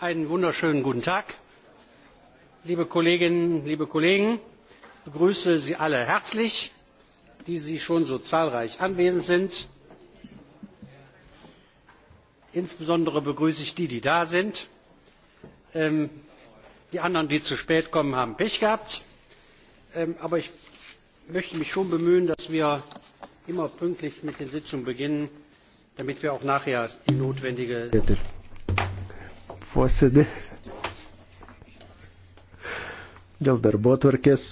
Einen wunderschönen guten Tag, liebe Kolleginnen, liebe Kollegen. Ich begrüße Sie alle herzlich, die Sie schon so zahlreich anwesend sind. Insbesondere begrüße ich die, die da sind. Ähm, die anderen, die zu spät kommen, haben Pech gehabt. Ähm, aber ich möchte mich schon bemühen, dass wir immer pünktlich mit den Sitzungen beginnen, damit wir auch nachher die notwendige. Bitte posėdį dėl darbo tvarkės.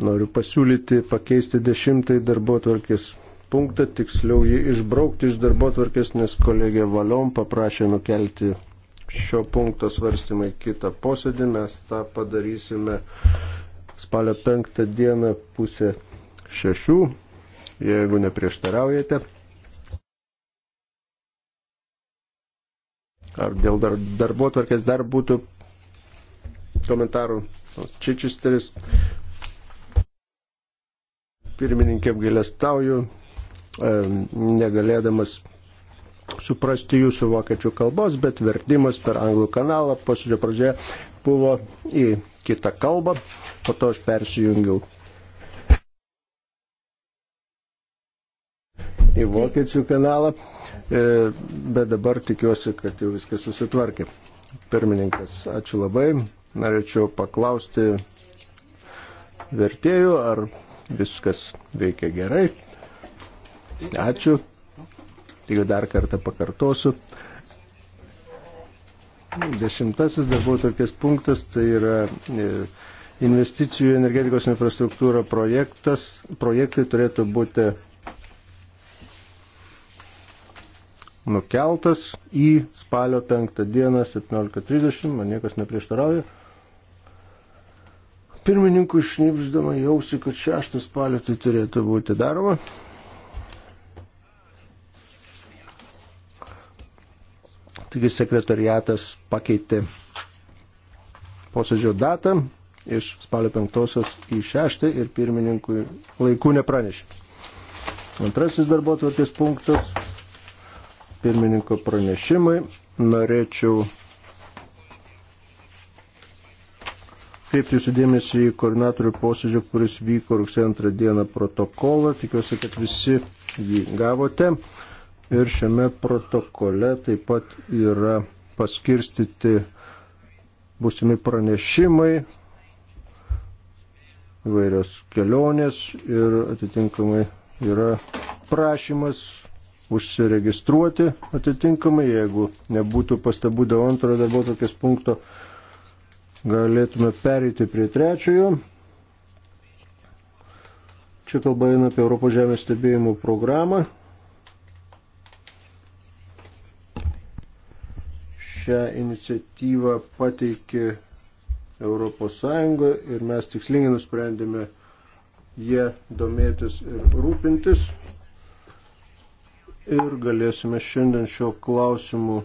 Noriu pasiūlyti pakeisti dešimtąjį darbo tvarkės punktą, tiksliau jį išbraukti iš darbo tvarkės, nes kolegė Valiom paprašė nukelti šio punkto svarstymą į kitą posėdį. Mes tą padarysime spalio penktą dieną pusę šešių, jeigu neprieštaraujate. ar dėl dar, darbo tvarkės dar būtų komentarų. Čičisteris pirmininkė apgailestauju, e, negalėdamas suprasti jūsų vokiečių kalbos, bet vertimas per anglų kanalą posėdžio pradžioje buvo į kitą kalbą, po to aš persijungiau į Vokiečių kanalą, e, bet dabar tikiuosi, kad jau viskas susitvarkė. Pirmininkas, ačiū labai. Norėčiau paklausti vertėjų, ar viskas veikia gerai. Ačiū. Tik dar kartą pakartosiu. Dešimtasis darbo tokias punktas tai yra e, investicijų energetikos infrastruktūra projektas. Projektai turėtų būti nukeltas į spalio 5 dieną 17.30, man niekas neprieštarauja. Pirmininkų šnipždama jausi, kad 6 spalio tai turėtų būti daroma. Taigi sekretariatas pakeitė posėdžio datą iš spalio 5 į 6 ir pirmininkui laikų nepranešė. Antrasis darbo tvarkės punktas pirmininko pranešimai. Norėčiau kreipti jūsų dėmesį į koordinatorių posėdžio, kuris vyko rugsėjo antrą dieną protokolą. Tikiuosi, kad visi jį gavote. Ir šiame protokole taip pat yra paskirstyti būsimi pranešimai, įvairios kelionės ir atitinkamai yra prašymas užsiregistruoti atitinkamai, jeigu nebūtų pastabų dėl antrojo darbo tokias punkto, galėtume pereiti prie trečiojo. Čia kalba eina apie Europos žemės stebėjimų programą. Šią iniciatyvą pateikė Europos Sąjunga ir mes tikslingai nusprendėme jie domėtis ir rūpintis ir galėsime šiandien šio klausimu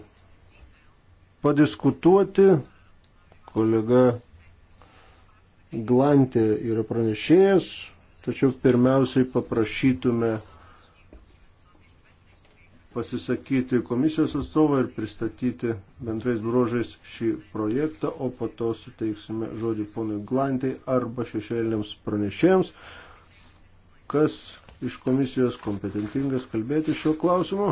padiskutuoti. Kolega Glantė yra pranešėjas, tačiau pirmiausiai paprašytume pasisakyti komisijos atstovą ir pristatyti bendrais bruožais šį projektą, o po to suteiksime žodį ponui Glantai arba šešėliniams pranešėjams, kas iš komisijos kompetentingas kalbėti šiuo klausimu.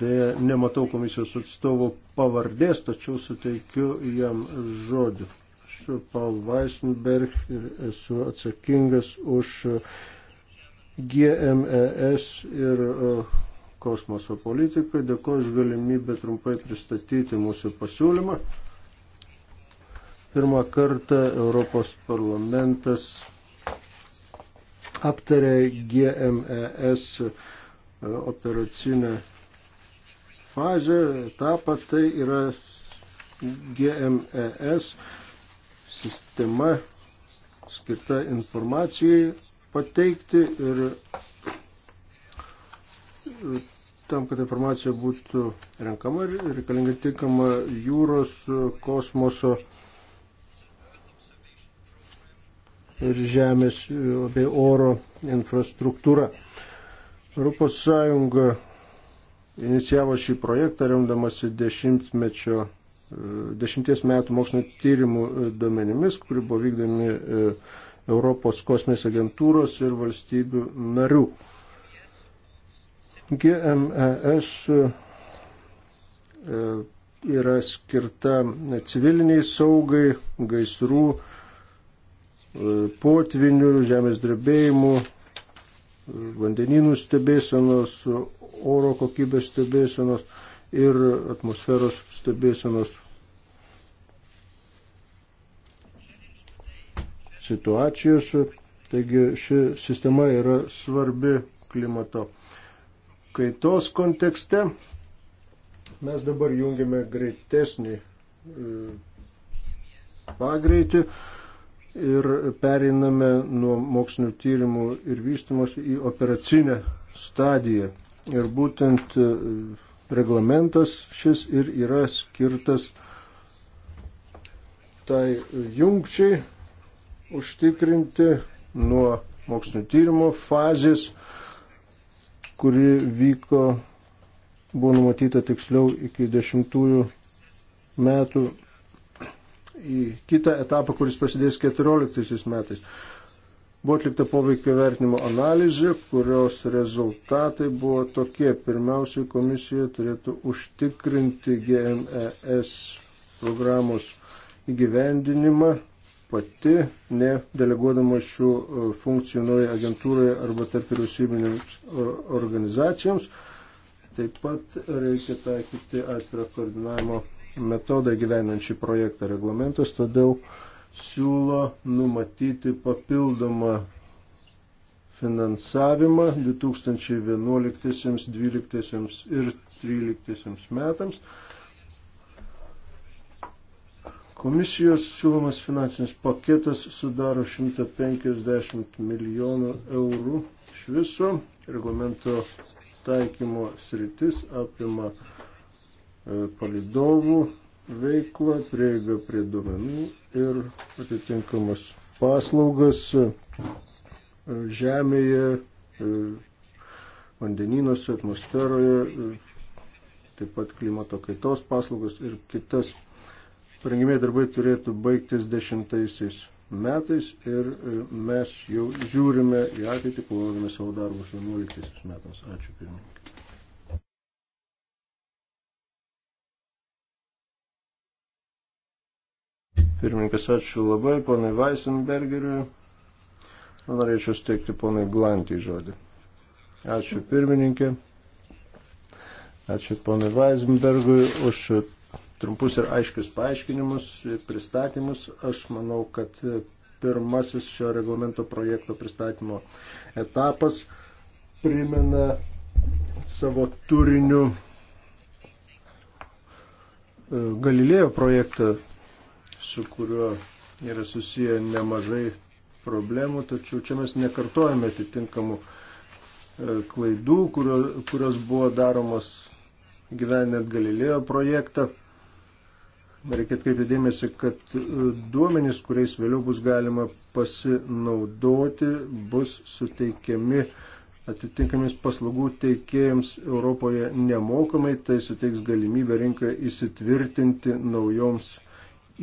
Deja, nematau komisijos atstovo pavardės, tačiau suteikiu jam žodį. Aš Paul Weissenberg ir esu atsakingas už GMES ir e, kosmoso politiką. Dėkuoju už galimybę trumpai pristatyti mūsų pasiūlymą. Pirmą kartą Europos parlamentas aptarė GMES e, operacinę fazę, etapą, tai yra GMES sistema skirta informacijai pateikti ir e, tam, kad informacija būtų renkama, reikalinga tinkama jūros, kosmoso ir žemės bei oro infrastruktūra. Europos Sąjunga inicijavo šį projektą remdamasi dešimtmečio, dešimties metų mokslinio tyrimų duomenimis, kuri buvo vykdomi e, Europos kosmės agentūros ir valstybių narių. GMES e, yra skirta civiliniai saugai, gaisrų, potvinių, žemės drebėjimų, vandeninų stebėsenos, oro kokybės stebėsenos ir atmosferos stebėsenos situacijose. Taigi ši sistema yra svarbi klimato kaitos kontekste. Mes dabar jungiame greitesnį e, pagreitį. E, ir periname nuo mokslinių tyrimų ir vystimos į operacinę stadiją. Ir būtent e, reglamentas šis ir yra skirtas tai jungčiai užtikrinti nuo mokslinio tyrimo fazės, kuri vyko, buvo numatyta tiksliau iki dešimtųjų metų į kitą etapą, kuris prasidės 14 metais. Buvo atlikta poveikio vertinimo analizė, kurios rezultatai buvo tokie. Pirmiausiai komisija turėtų užtikrinti GMES programos įgyvendinimą pati, nedeleguodama šių e, funkcijų naujai agentūrai arba tarp vyriausybinėms organizacijoms. Taip pat reikia taikyti atvirą koordinavimo metodą gyvenančią projektą reglamentas, todėl siūlo numatyti papildomą finansavimą 2011, 2012 ir 2013 metams. Komisijos siūlomas finansinis paketas sudaro 150 milijonų eurų iš viso. Reglamento taikymo sritis apima E, palidovų veiklą, prieigą prie duomenų ir atitinkamas paslaugas e, žemėje, e, vandenynuose, atmosferoje, taip pat klimato kaitos paslaugas ir kitas. Parengimiai darbai turėtų baigtis dešimtaisiais metais ir mes jau žiūrime į ateitį, planuodami savo darbus 11 metams. Ačiū pirmininkai. Pirmininkas, ačiū labai ponai Weisenbergeriui. Norėčiau steigti ponai Glantį žodį. Ačiū pirmininkė. Ačiū ponai Weisenbergui už trumpus ir aiškius paaiškinimus, pristatymus. Aš manau, kad pirmasis šio reglamento projekto pristatymo etapas primena savo turiniu e, Galilėjo projektą su kuriuo yra susiję nemažai problemų, tačiau čia mes nekartojame atitinkamų e, klaidų, kurios buvo daromos gyvenant Galilėjo projektą. Reikia atkreipti dėmesį, kad e, duomenys, kuriais vėliau bus galima pasinaudoti, bus suteikiami atitinkamis paslaugų teikėjams Europoje nemokamai, tai suteiks galimybę rinkoje įsitvirtinti naujoms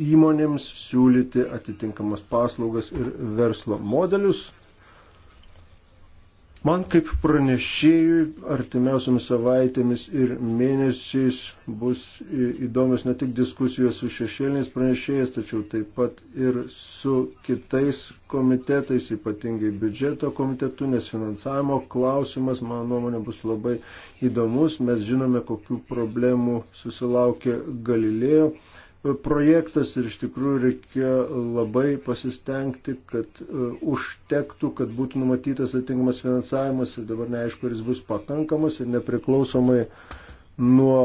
įmonėms siūlyti atitinkamas paslaugas ir verslo modelius. Man kaip pranešėjui artimiausiamis savaitėmis ir mėnesiais bus įdomios ne tik diskusijos su šešėliniais pranešėjais, tačiau taip pat ir su kitais komitetais, ypatingai biudžeto komitetu, nes finansavimo klausimas, mano nuomonė, bus labai įdomus. Mes žinome, kokių problemų susilaukė Galilėjo projektas ir iš tikrųjų reikėjo labai pasistengti, kad e, užtektų, kad būtų numatytas atitinkamas finansavimas ir dabar neaišku, ar jis bus pakankamas ir nepriklausomai nuo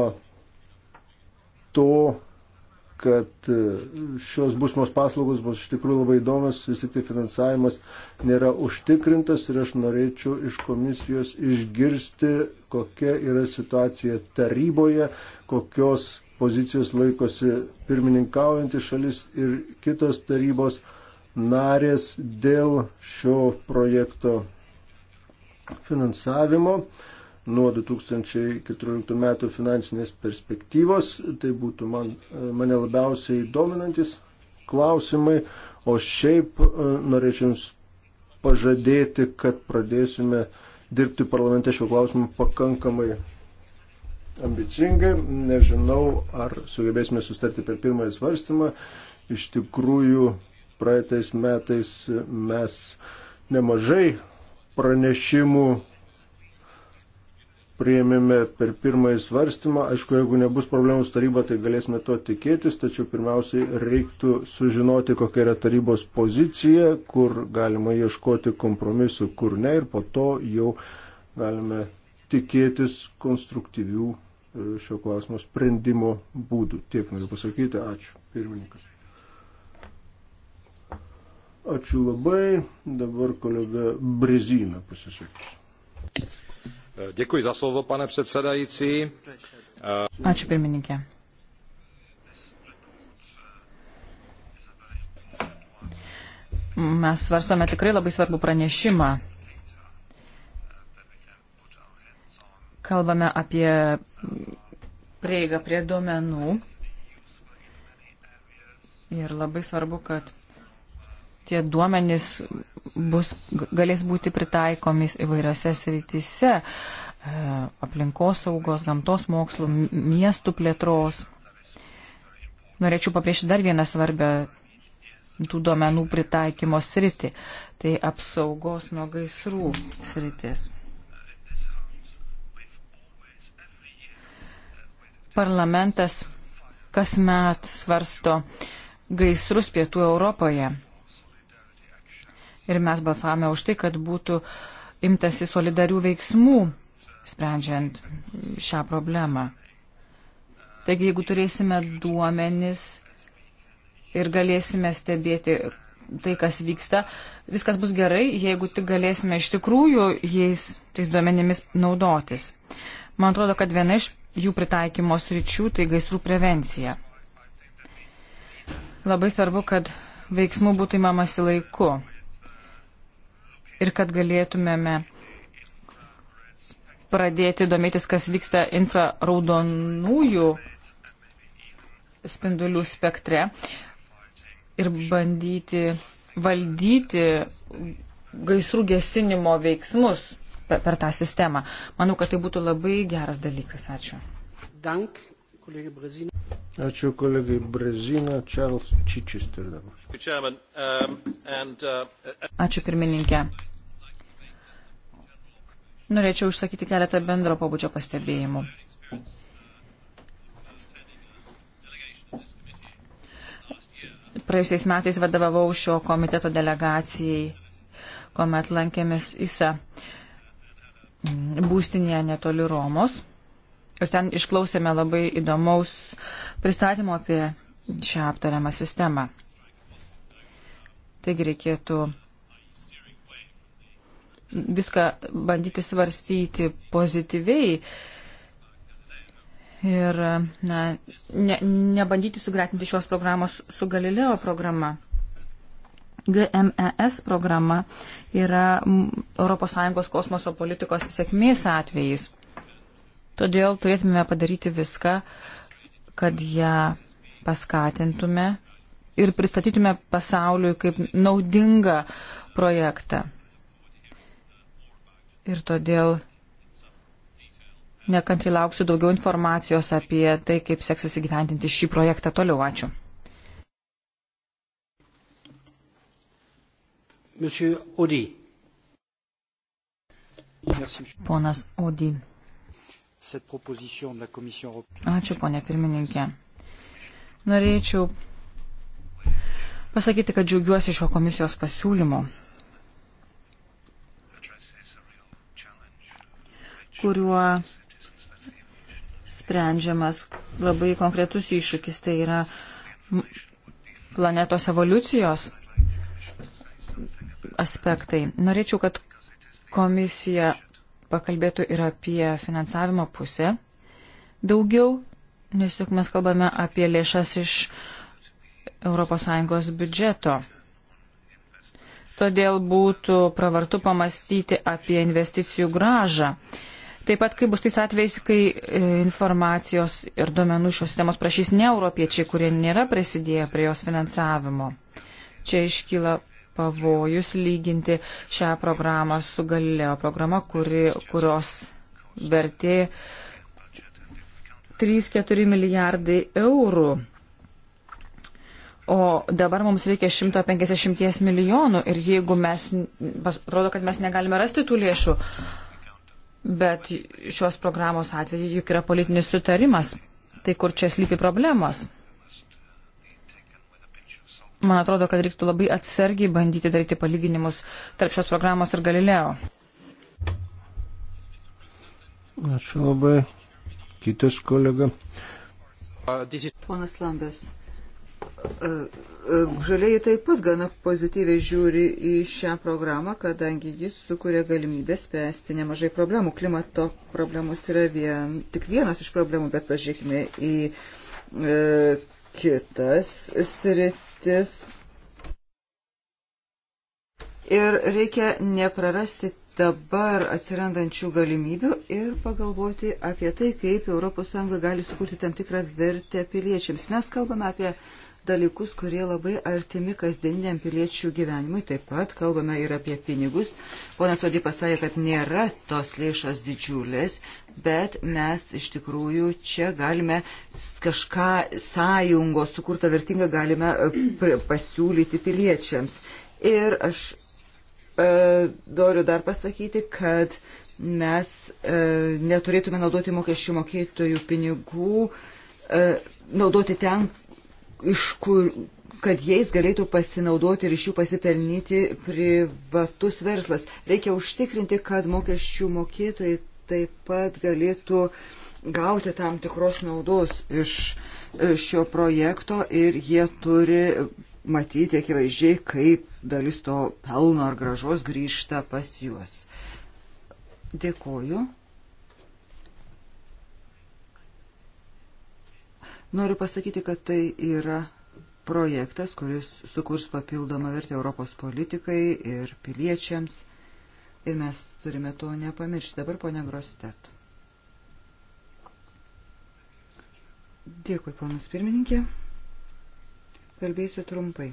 to, kad e, šios būsimos paslaugos bus iš tikrųjų labai įdomios, vis tik tai finansavimas nėra užtikrintas ir aš norėčiau iš komisijos išgirsti, kokia yra situacija taryboje, kokios pozicijos laikosi pirmininkaujantis šalis ir kitos tarybos narės dėl šio projekto finansavimo nuo 2014 metų finansinės perspektyvos. Tai būtų man, mane labiausiai dominantis klausimai, o šiaip e, norėčiau Jums pažadėti, kad pradėsime dirbti parlamente šiuo klausimu pakankamai ambicingai. Nežinau, ar sugebėsime sustarti per pirmąjį svarstymą. Iš tikrųjų, praeitais metais mes nemažai pranešimų priėmėme per pirmąjį svarstymą. Aišku, jeigu nebus problemų su taryba, tai galėsime to tikėtis, tačiau pirmiausiai reiktų sužinoti, kokia yra tarybos pozicija, kur galima ieškoti kompromisų, kur ne, ir po to jau galime tikėtis konstruktyvių šio klausimo sprendimo būdų. Tiek noriu pasakyti. Ačiū, pirmininkas. Ačiū labai. Dabar kolega Brezina pasisakys. Děkuji za slovo, pane předsedající. Ačiū, pirmininkė. Mes svarstome tikrai labai svarbų pranešimą Kalbame apie prieigą prie duomenų. Ir labai svarbu, kad tie duomenys bus, galės būti pritaikomis įvairiose srityse e, - aplinkos saugos, gamtos mokslų, miestų plėtros. Norėčiau papriešti dar vieną svarbę tų duomenų pritaikymo sritį - tai apsaugos nuo gaisrų sritis. parlamentas kasmet svarsto gaisrus pietų Europoje. Ir mes balsavome už tai, kad būtų imtasi solidarių veiksmų, sprendžiant šią problemą. Taigi, jeigu turėsime duomenis ir galėsime stebėti tai, kas vyksta, viskas bus gerai, jeigu tik galėsime iš tikrųjų jais tais duomenimis naudotis. Man atrodo, kad viena iš jų pritaikymo sričių, tai gaisrų prevencija. Labai svarbu, kad veiksmų būtų įmamasi laiku ir kad galėtumėme pradėti domėtis, kas vyksta infraraudonųjų spindulių spektre ir bandyti valdyti gaisrų gesinimo veiksmus per tą sistemą. Manau, kad tai būtų labai geras dalykas. Ačiū. Dank, kolegė Brazina. Ačiū kolegai Brazina, Charles Chichester dabar. Um, uh, Ačiū pirmininkė. Norėčiau užsakyti keletą bendro pabudžio pastebėjimų. Praėjusiais metais vadovavau šio komiteto delegacijai, kuomet lankėmės ISA. Uh, Mm, būstinėje netoli Romos. Ir ten išklausėme labai įdomaus pristatymo apie šią aptariamą sistemą. Taigi reikėtų viską bandyti svarstyti pozityviai ir na, ne, nebandyti sugretinti šios programos su Galileo programa. GMES programa yra ES kosmoso politikos sėkmės atvejais. Todėl turėtume padaryti viską, kad ją paskatintume ir pristatytume pasauliui kaip naudingą projektą. Ir todėl nekantriai lauksiu daugiau informacijos apie tai, kaip seksis įgyventinti šį projektą toliau. Ačiū. Monsieur Audi. Ponas Audi. Ačiū, ponė pirmininkė. Norėčiau pasakyti, kad džiaugiuosi šio komisijos pasiūlymo, kuriuo sprendžiamas labai konkretus iššūkis, tai yra planetos evoliucijos aspektai. Norėčiau, kad komisija pakalbėtų ir apie finansavimo pusę daugiau, nes juk mes kalbame apie lėšas iš ES biudžeto. Todėl būtų pravartu pamastyti apie investicijų gražą. Taip pat, kai bus tais atvejais, kai e, informacijos ir duomenų šios sistemos prašys ne europiečiai, kurie nėra prisidėję prie jos finansavimo. Čia iškyla pavojus lyginti šią programą su Galileo programa, kuri, kurios vertė 3-4 milijardai eurų. O dabar mums reikia 150 milijonų ir jeigu mes, atrodo, kad mes negalime rasti tų lėšų, bet šios programos atveju juk yra politinis sutarimas, tai kur čia slypi problemos? Man atrodo, kad reiktų labai atsargiai bandyti daryti palyginimus tarp šios programos ir Galileo. Ačiū labai. Kitas kolega. Ponas Lambės. E, e, žalieji taip pat gana pozityviai žiūri į šią programą, kadangi jis sukuria galimybę spręsti nemažai problemų. Klimato problemos yra vien, tik vienas iš problemų, bet pažiūrėkime į e, kitas sritis kryptis. Ir reikia neprarasti dabar atsirandančių galimybių ir pagalvoti apie tai, kaip ES gali sukurti tam tikrą vertę piliečiams. Mes kalbame apie dalykus, kurie labai artimi kasdieniniam piliečių gyvenimui. Taip pat kalbame ir apie pinigus. Ponas Odį pasakė, kad nėra tos lėšos didžiulės, bet mes iš tikrųjų čia galime kažką sąjungo sukurtą vertingą galime e, pasiūlyti piliečiams. Ir aš e, noriu dar pasakyti, kad mes e, neturėtume naudoti mokesčių mokėtojų pinigų, e, naudoti ten, iš kur, kad jais galėtų pasinaudoti ir iš jų pasipelnyti privatus verslas. Reikia užtikrinti, kad mokesčių mokėtojai taip pat galėtų gauti tam tikros naudos iš e, šio projekto ir jie turi matyti akivaizdžiai, kaip dalis to pelno ar gražos grįžta pas juos. Dėkuoju. Noriu pasakyti, kad tai yra projektas, kuris sukurs papildomą vertę Europos politikai ir piliečiams. Ir mes turime to nepamiršti. Dabar ponia Grostet. Dėkui, ponas pirmininkė. Kalbėsiu trumpai.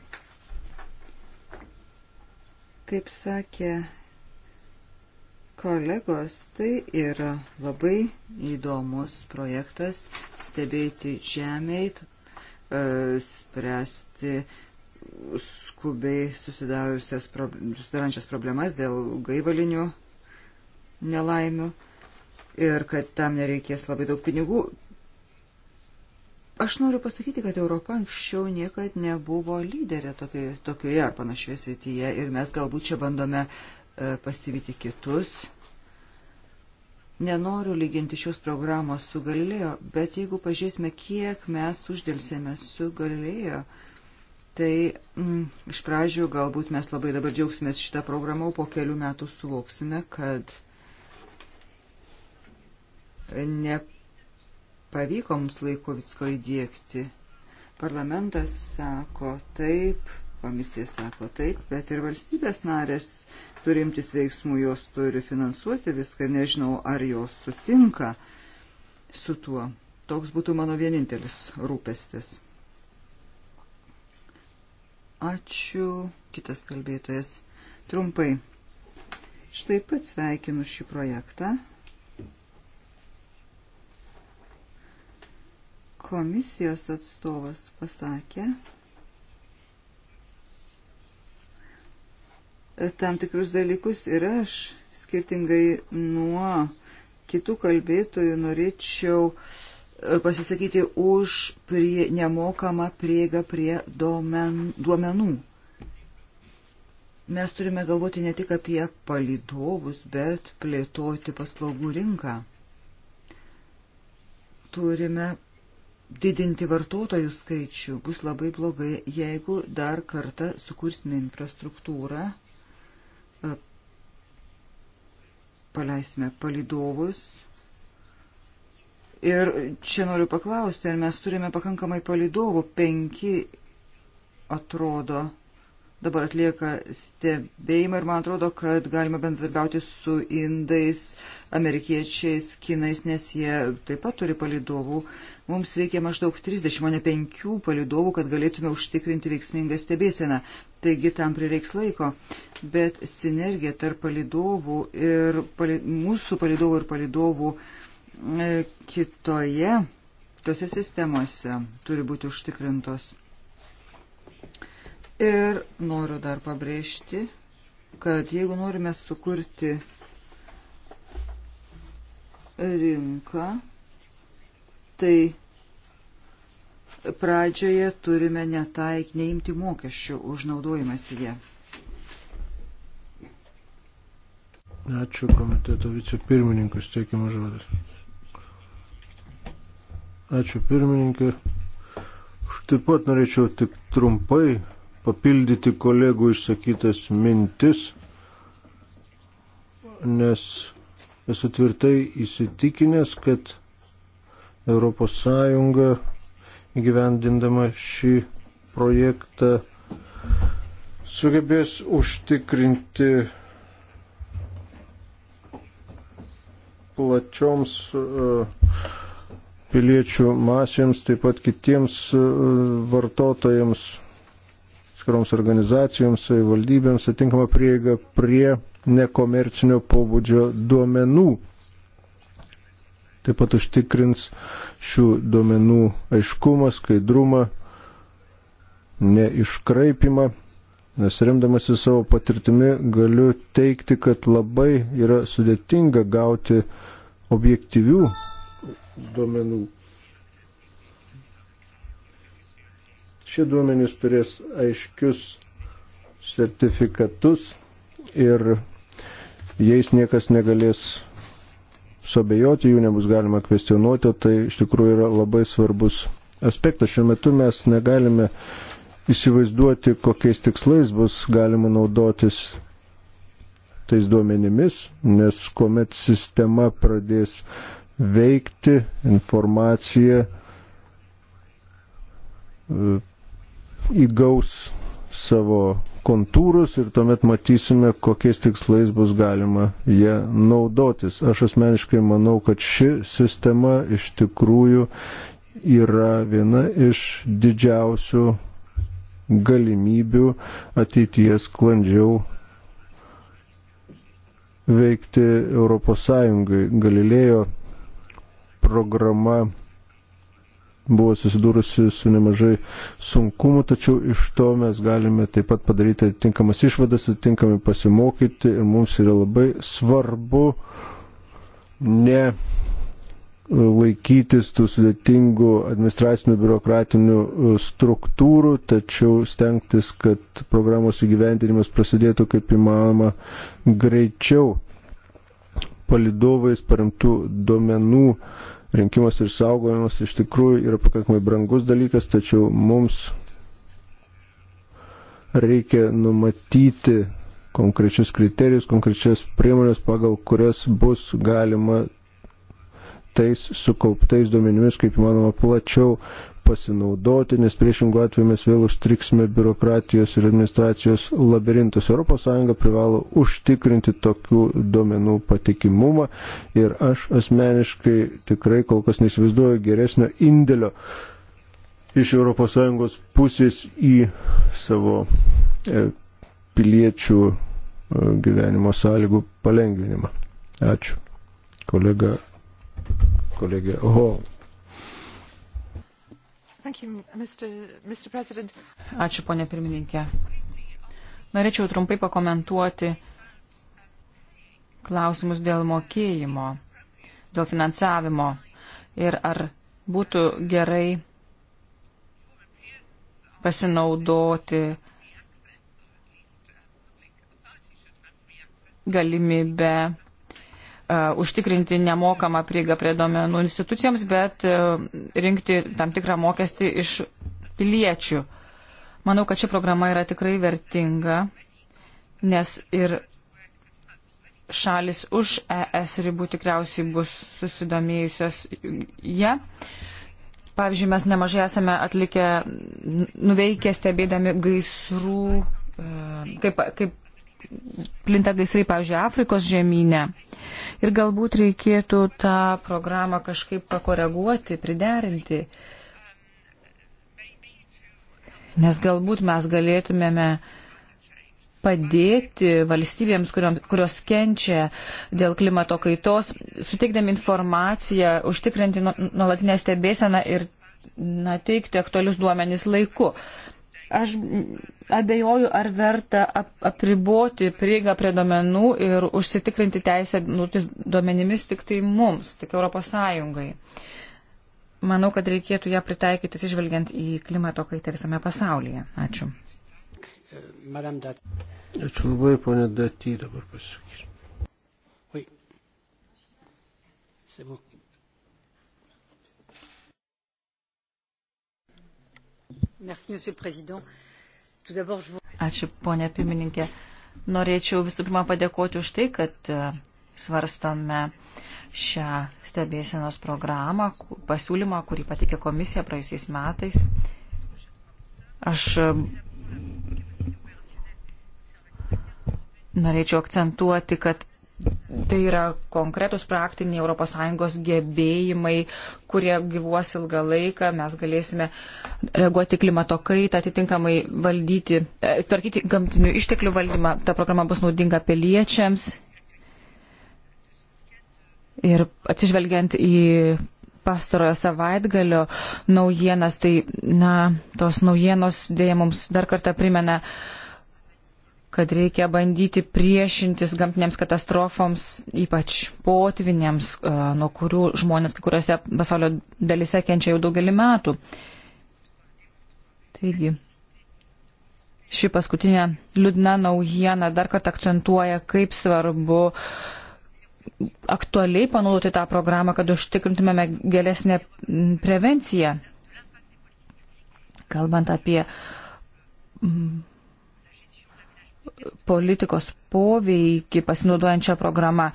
Kaip sakė Kolegos, tai yra labai įdomus projektas stebėti žemėj, e, spręsti skubiai susidarančias problemas dėl gaivalinių nelaimių ir kad tam nereikės labai daug pinigų. Aš noriu pasakyti, kad Europa anksčiau niekad nebuvo lyderė tokioje, tokioje ar panašioje srityje ir mes galbūt čia bandome uh, E, pasivyti kitus. Nenoriu lyginti šios programos su Galilėjo, bet jeigu pažiūrėsime, kiek mes uždėlsėme su Galilėjo, tai mm, iš pradžių galbūt mes labai dabar džiaugsimės šitą programą, po kelių metų suvoksime, kad nepavyko mums laiko visko įdėkti. Parlamentas sako taip, komisija sako taip, bet ir valstybės narės turi imtis veiksmų, jos turi finansuoti viską, nežinau, ar jos sutinka su tuo. Toks būtų mano vienintelis rūpestis. Ačiū, kitas kalbėtojas. Trumpai. Štai pat sveikinu šį projektą. Komisijos atstovas pasakė, tam tikrus dalykus ir aš, skirtingai nuo kitų kalbėtojų, norėčiau e, pasisakyti už prie, nemokamą prieigą prie domen, duomenų. Mes turime galvoti ne tik apie palidovus, bet plėtoti paslaugų rinką. Turime didinti vartotojų skaičių bus labai blogai, jeigu dar kartą sukursime infrastruktūrą, paleisime palidovus. Ir čia noriu paklausti, ar mes turime pakankamai palidovų, penki atrodo dabar atlieka stebėjimą ir man atrodo, kad galima bendradarbiauti su indais, amerikiečiais, kinais, nes jie taip pat turi palidovų. Mums reikia maždaug 30, o ne 5 palidovų, kad galėtume užtikrinti veiksmingą stebėseną taigi tam prireiks laiko. Bet sinergija tarp palidovų ir pali, mūsų palidovų ir palidovų e, kitoje, tose sistemose turi būti užtikrintos. Ir noriu dar pabrėžti, kad jeigu norime sukurti rinką, tai pradžioje turime netaik neimti mokesčių už naudojimąsi jie. Ačiū komiteto vicepirmininkas, teikiamas žodis. Ačiū pirmininkė. Aš taip pat norėčiau tik trumpai papildyti kolegų išsakytas mintis, nes esu tvirtai įsitikinęs, kad ES gyvendindama šį projektą sugebės užtikrinti plačioms e, piliečių masėms, taip pat kitiems e, vartotojams, skroms organizacijoms, valdybėms atinkamą prieigą prie nekomercinio pobūdžio duomenų taip pat užtikrins šių duomenų aiškumą, skaidrumą, neiškraipimą, nes remdamasi savo patirtimi galiu teikti, kad labai yra sudėtinga gauti objektyvių duomenų. Šie duomenys turės aiškius sertifikatus ir jais niekas negalės suabejoti, jų nebus galima kvestionuoti, tai iš tikrųjų yra labai svarbus aspektas. Šiuo metu mes negalime įsivaizduoti, kokiais tikslais bus galima naudotis tais duomenimis, nes kuomet sistema pradės veikti, informacija e, įgaus savo kontūrus ir tuomet matysime, kokiais tikslais bus galima ją naudotis. Aš asmeniškai manau, kad ši sistema iš tikrųjų yra viena iš didžiausių galimybių ateities sklandžiau veikti Europos Sąjungai. Galilėjo programa buvo susidūrusi su nemažai sunkumu, tačiau iš to mes galime taip pat padaryti atitinkamas išvadas, atitinkamai pasimokyti ir mums yra labai svarbu ne laikytis tų sudėtingų administracinių biurokratinių e, struktūrų, tačiau stengtis, kad programos įgyvendinimas prasidėtų kaip įmanoma greičiau palidovais paremtų duomenų rinkimas ir saugojimas iš tikrųjų yra pakankamai brangus dalykas, tačiau mums reikia numatyti konkrečius kriterijus, konkrečias priemonės, pagal kurias bus galima tais sukauptais duomenimis, kaip įmanoma, plačiau pasinaudoti, nes priešingų atveju mes vėl užtriksime biurokratijos ir administracijos labirintus. ES privalo užtikrinti tokių duomenų patikimumą ir aš asmeniškai tikrai kol kas neįsivaizduoju geresnio indėlio iš ES pusės į savo e, piliečių e, gyvenimo sąlygų palengvinimą. Ačiū. Kolega, kolegė Hall. You, Mr. Mr. Ačiū, ponė pirmininkė. Norėčiau trumpai pakomentuoti klausimus dėl mokėjimo, dėl finansavimo ir ar būtų gerai pasinaudoti galimybę E, užtikrinti nemokamą prieigą prie domenų institucijoms, bet e, rinkti tam tikrą mokestį iš piliečių. Manau, kad ši programa yra tikrai vertinga, nes ir šalis už ES ribų tikriausiai bus susidomėjusios ją. Ja. Pavyzdžiui, mes nemažai esame atlikę, nuveikę stebėdami gaisrų, e, kaip, kaip plinta gaisrai, pavyzdžiui, Afrikos žemynę. Ir galbūt reikėtų tą programą kažkaip pakoreguoti, priderinti. Nes galbūt mes galėtumėme padėti valstybėms, kurios kenčia dėl klimato kaitos, suteikdami informaciją, užtikrinti nu, nuolatinę stebėseną ir na, teikti aktualius duomenys laiku. Aš abejoju, ar verta apriboti prieigą prie domenų ir užsitikrinti teisę duomenimis tik tai mums, tik ES. Manau, kad reikėtų ją pritaikyti atsižvelgiant į klimato kaitą visame pasaulyje. Ačiū. Ačiū labai, ponė Daty, dabar pasakysiu. Oui. Ačiū, ponė pirmininkė. Norėčiau visų pirma padėkoti už tai, kad e, svarstome šią stebėsienos programą, pasiūlymą, kurį patikė komisija praėjusiais metais. Aš e, norėčiau akcentuoti, kad Tai yra konkretus praktiniai ES gebėjimai, kurie gyvuos ilgą laiką, mes galėsime reaguoti klimato kaitą, atitinkamai valdyti, e, tvarkyti gamtinių išteklių valdymą. Ta programa bus naudinga piliečiams ir atsižvelgiant į pastarojo savaitgalio naujienas, tai na, tos naujienos dėja mums dar kartą primena, uh, kad reikia bandyti priešintis gamtinėms katastrofoms, ypač potvinėms, e, nuo kurių žmonės kai kuriuose pasaulio dalise kenčia jau daugelį metų. Taigi, ši paskutinė liūdna naujiena dar kartą akcentuoja, kaip svarbu aktualiai panaudoti tą programą, kad užtikrintumėme geresnę prevenciją. Kalbant apie politikos poveikį pasinaudojant šią programą.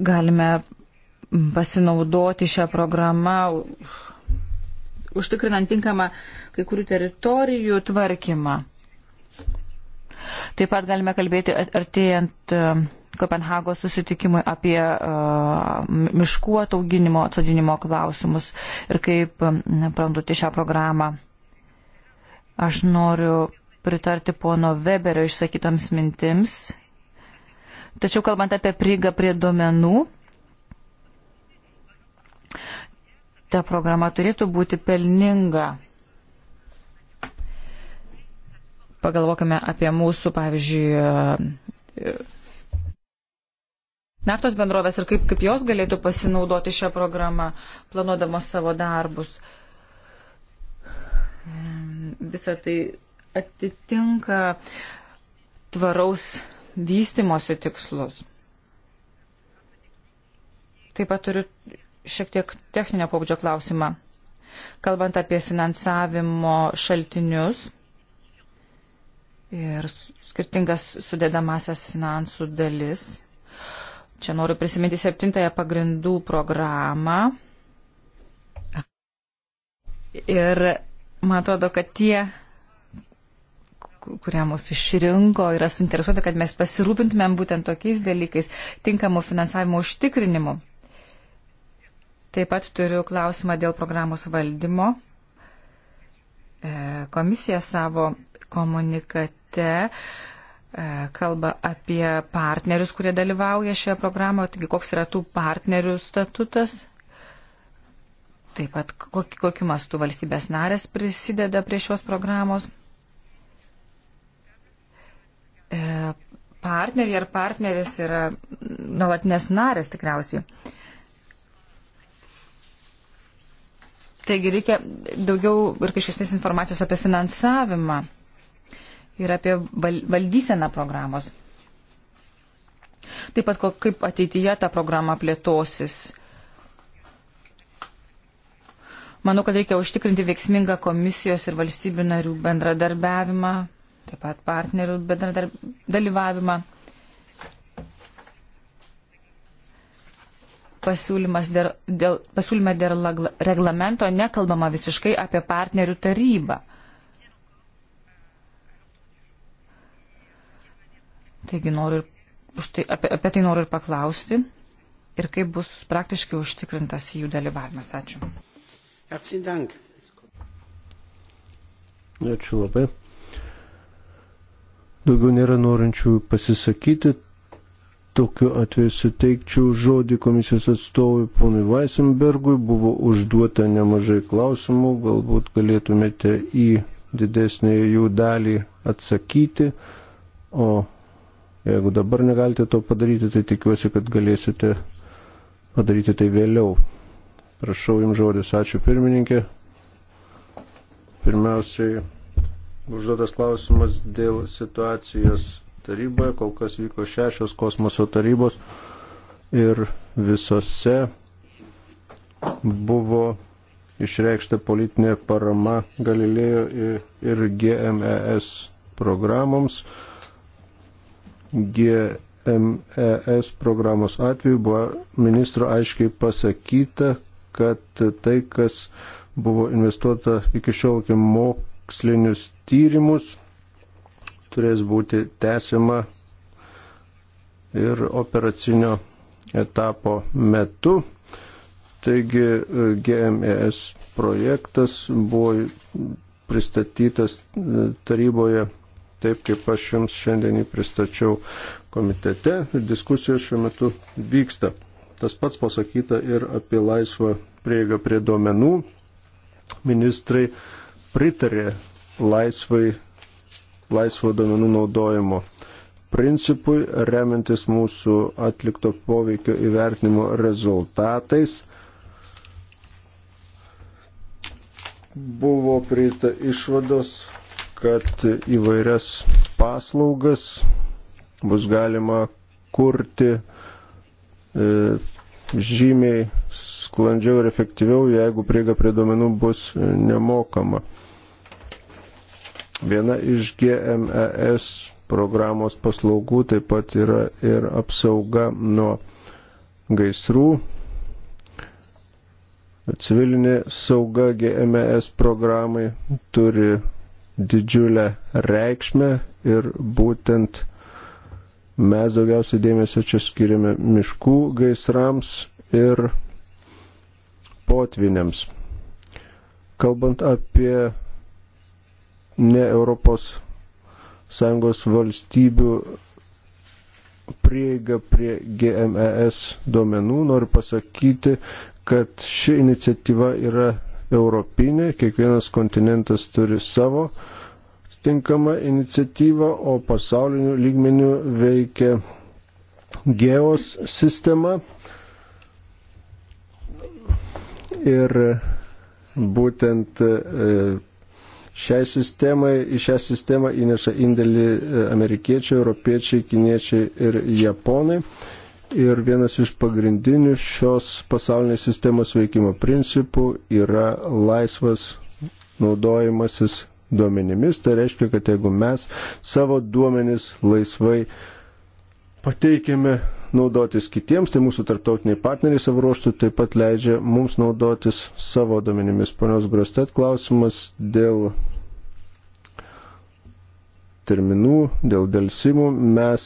Galime pasinaudoti šią programą, užtikrinant tinkamą kai kurių teritorijų tvarkymą. Taip pat galime kalbėti artėjant e, Kopenhagos susitikimui apie uh, miškų atauginimo, atsodinimo klausimus ir kaip um, pranduti šią programą. Aš noriu pritarti pono Weberio išsakytoms mintims. Tačiau kalbant apie prieigą prie duomenų, ta programa turėtų būti pelninga. Pagalvokime apie mūsų, pavyzdžiui, naftos bendrovės ir kaip, kaip jos galėtų pasinaudoti šią programą, planuodamos savo darbus. Ehm, Visą tai atitinka tvaraus vystimosi tikslus. Taip pat turiu šiek tiek techninio pobūdžio klausimą. Kalbant apie finansavimo šaltinius ir skirtingas sudėdamasias finansų dalis, čia noriu prisiminti septintąją pagrindų programą. Ir man atrodo, kad tie kurie mūsų išrinko, yra suinteresuota, kad mes pasirūpintumėm būtent tokiais dalykais, tinkamų finansavimo užtikrinimu. Taip pat turiu klausimą dėl programos valdymo. E, komisija savo komunikate e, kalba apie partnerius, kurie dalyvauja šioje programoje. Taigi, koks yra tų partnerių statutas? Taip pat kokiu mastu valstybės narės prisideda prie šios programos. E, partneriai ir partneris yra nuolatinės narės tikriausiai. Taigi reikia daugiau ir kažkiesnės informacijos apie finansavimą ir apie valdyseną programos. Taip pat kaip ateityje ta programa plėtosis. Manau, kad reikia užtikrinti veiksmingą komisijos ir valstybių narių bendradarbiavimą taip pat partnerių dalyvavimą. Pasiūlymas dėl, dėl, pasiūlyme dėl reglamento nekalbama visiškai apie partnerių tarybą. Taigi noriu ir tai, apie, apie tai noriu ir paklausti ir kaip bus praktiškai užtikrintas jų dalyvavimas. Ačiū. Ačiū labai. Daugiau nėra norinčių pasisakyti. Tokiu atveju suteikčiau žodį komisijos atstovui ponui Weisenbergui. Buvo užduota nemažai klausimų, galbūt galėtumėte į didesnį jų dalį atsakyti. O jeigu dabar negalite to padaryti, tai tikiuosi, kad galėsite padaryti tai vėliau. Prašau Jums žodis. Ačiū pirmininkė. Pirmiausiai užduotas klausimas dėl situacijos taryboje. Kol kas vyko šešios kosmoso tarybos ir visose buvo išreikšta politinė parama Galilėjo ir, ir GMES programoms. GMES programos atveju buvo ministro aiškiai pasakyta, kad tai, kas buvo investuota iki šiol į mokslinius tyrimus turės būti tęsiama ir operacinio etapo metu. Taigi e, GMES projektas buvo pristatytas e, taryboje taip, kaip aš jums šiandien jį pristačiau komitete. Diskusijos šiuo metu vyksta. Tas pats pasakyta ir apie laisvą prieigą prie duomenų. Ministrai pritarė laisvai, laisvo domenų naudojimo principui, remiantis mūsų atlikto poveikio įvertinimo rezultatais, buvo prieita išvados, kad įvairias paslaugas bus galima kurti e, žymiai sklandžiau ir efektyviau, jeigu prieiga prie duomenų bus nemokama. Viena iš GMES programos paslaugų taip pat yra ir apsauga nuo gaisrų. Civilinė sauga GMES programai turi didžiulę reikšmę ir būtent mes daugiausiai dėmesio čia skiriame miškų gaisrams ir potviniams. Kalbant apie ne Europos Sąjungos valstybių prieiga prie GMES duomenų. Noriu pasakyti, kad ši iniciatyva yra europinė, kiekvienas kontinentas turi savo tinkamą iniciatyvą, o pasauliniu lygmeniu veikia geos sistema. Ir būtent e, Šiai sistemai, į šią sistemą įneša indėlį e, amerikiečiai, europiečiai, kiniečiai ir japonai. Ir vienas iš pagrindinių šios pasaulinės sistemos veikimo principų yra laisvas naudojimasis duomenimis. Tai reiškia, kad jeigu mes savo duomenis laisvai pateikiame naudotis kitiems, tai mūsų tarptautiniai partneriai savo ruoštų taip pat leidžia mums naudotis savo domenimis. Ponios Grostet klausimas dėl terminų, dėl dėlsimų. Mes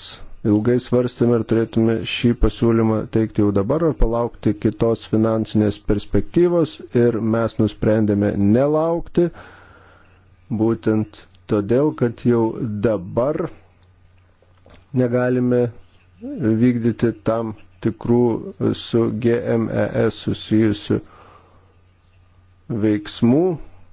ilgai svarstėme ir turėtume šį pasiūlymą teikti jau dabar ar palaukti kitos finansinės perspektyvos ir mes nusprendėme nelaukti, būtent todėl, kad jau dabar negalime vykdyti tam tikrų su GMES susijusių veiksmų,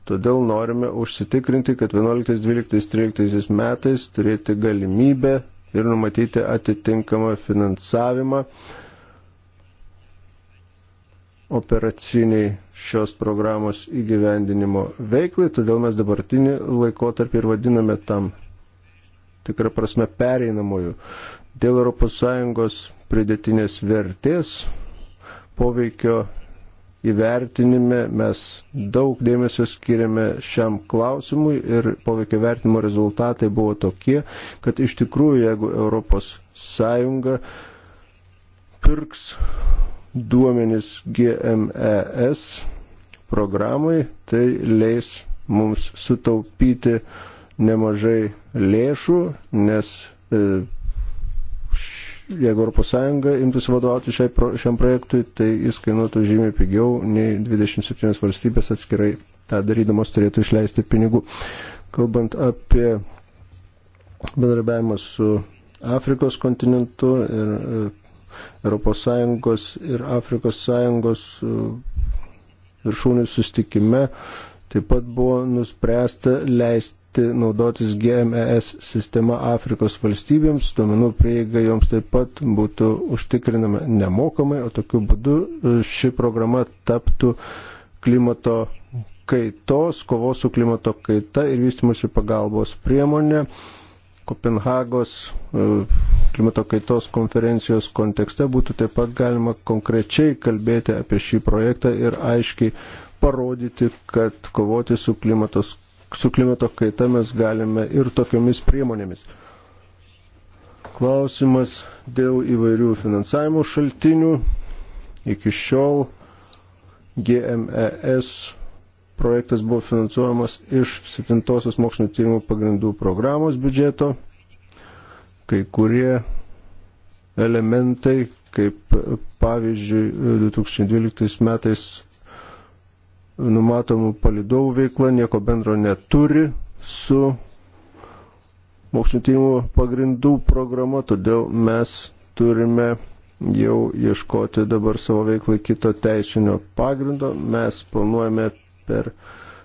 Todėl norime užsitikrinti, kad 11, 12, 13 metais turėti galimybę ir numatyti atitinkamą finansavimą operaciniai šios programos įgyvendinimo veiklai, todėl mes dabartinį laikotarpį ir vadiname tam tikrą prasme pereinamojų. Dėl ES pridėtinės vertės poveikio įvertinime mes daug dėmesio skiriame šiam klausimui ir poveikio vertinimo rezultatai buvo tokie, kad iš tikrųjų jeigu Europos Sąjunga pirks duomenis GMES programai, tai leis mums sutaupyti nemažai lėšų, nes e, jeigu ES imtųsi vadovauti šiai, šiam projektui, tai jis kainuotų žymiai pigiau nei 27 valstybės atskirai tą darydamos turėtų išleisti pinigų. Kalbant apie bendrabiavimą su Afrikos kontinentu ir ES ir Afrikos Sąjungos e, viršūnių sustikime taip pat buvo nuspręsta leisti leisti naudotis GMES sistema Afrikos valstybėms, duomenų prieiga joms taip pat būtų užtikrinama nemokamai, o tokiu būdu e, ši programa taptų klimato kaitos, kovos su klimato kaita ir vystimusi pagalbos priemonė. Kopenhagos e, klimato kaitos konferencijos kontekste būtų taip pat galima konkrečiai kalbėti apie šį projektą ir aiškiai parodyti, kad kovoti su klimatos su klimato kaita mes galime ir tokiomis priemonėmis. Klausimas dėl įvairių finansavimo šaltinių. Iki šiol GMES projektas buvo finansuojamas iš 7-osios mokslinio tyrimų pagrindų programos biudžeto. Kai kurie elementai, kaip pavyzdžiui 2012 metais numatomų palidovų veikla nieko bendro neturi su mokslinio tyrimų pagrindų programa, todėl mes turime jau ieškoti dabar savo veiklai kito teisinio pagrindo. Mes planuojame per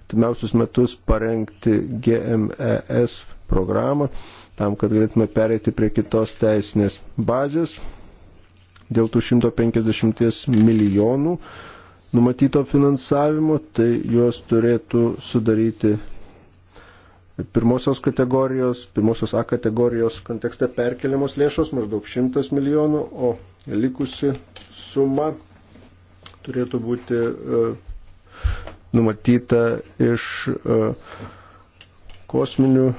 timiausius metus parengti GMES programą tam, kad galėtume pereiti prie kitos teisinės bazės dėl tų 150 milijonų numatyto finansavimo, tai juos turėtų sudaryti pirmosios kategorijos, pirmosios A kategorijos kontekste perkeliamos lėšos maždaug 100 milijonų, o likusi suma turėtų būti e, numatyta iš e, kosminių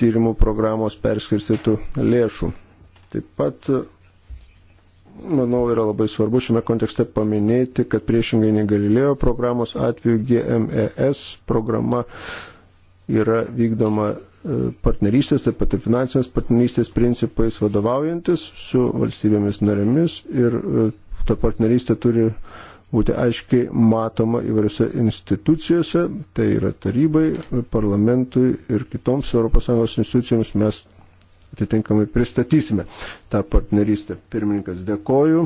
tyrimų programos perskirstytų lėšų. Taip pat manau, yra labai svarbu šiame kontekste paminėti, kad priešingai negalilėjo programos atveju GMES programa yra vykdoma e, partnerystės, taip pat ir finansinės partnerystės principais vadovaujantis su valstybėmis narėmis ir e, ta partnerystė turi būti aiškiai matoma įvairiose institucijose, tai yra tarybai, parlamentui ir kitoms ES institucijoms mes atitinkamai pristatysime tą partnerystę. Pirmininkas, dėkoju,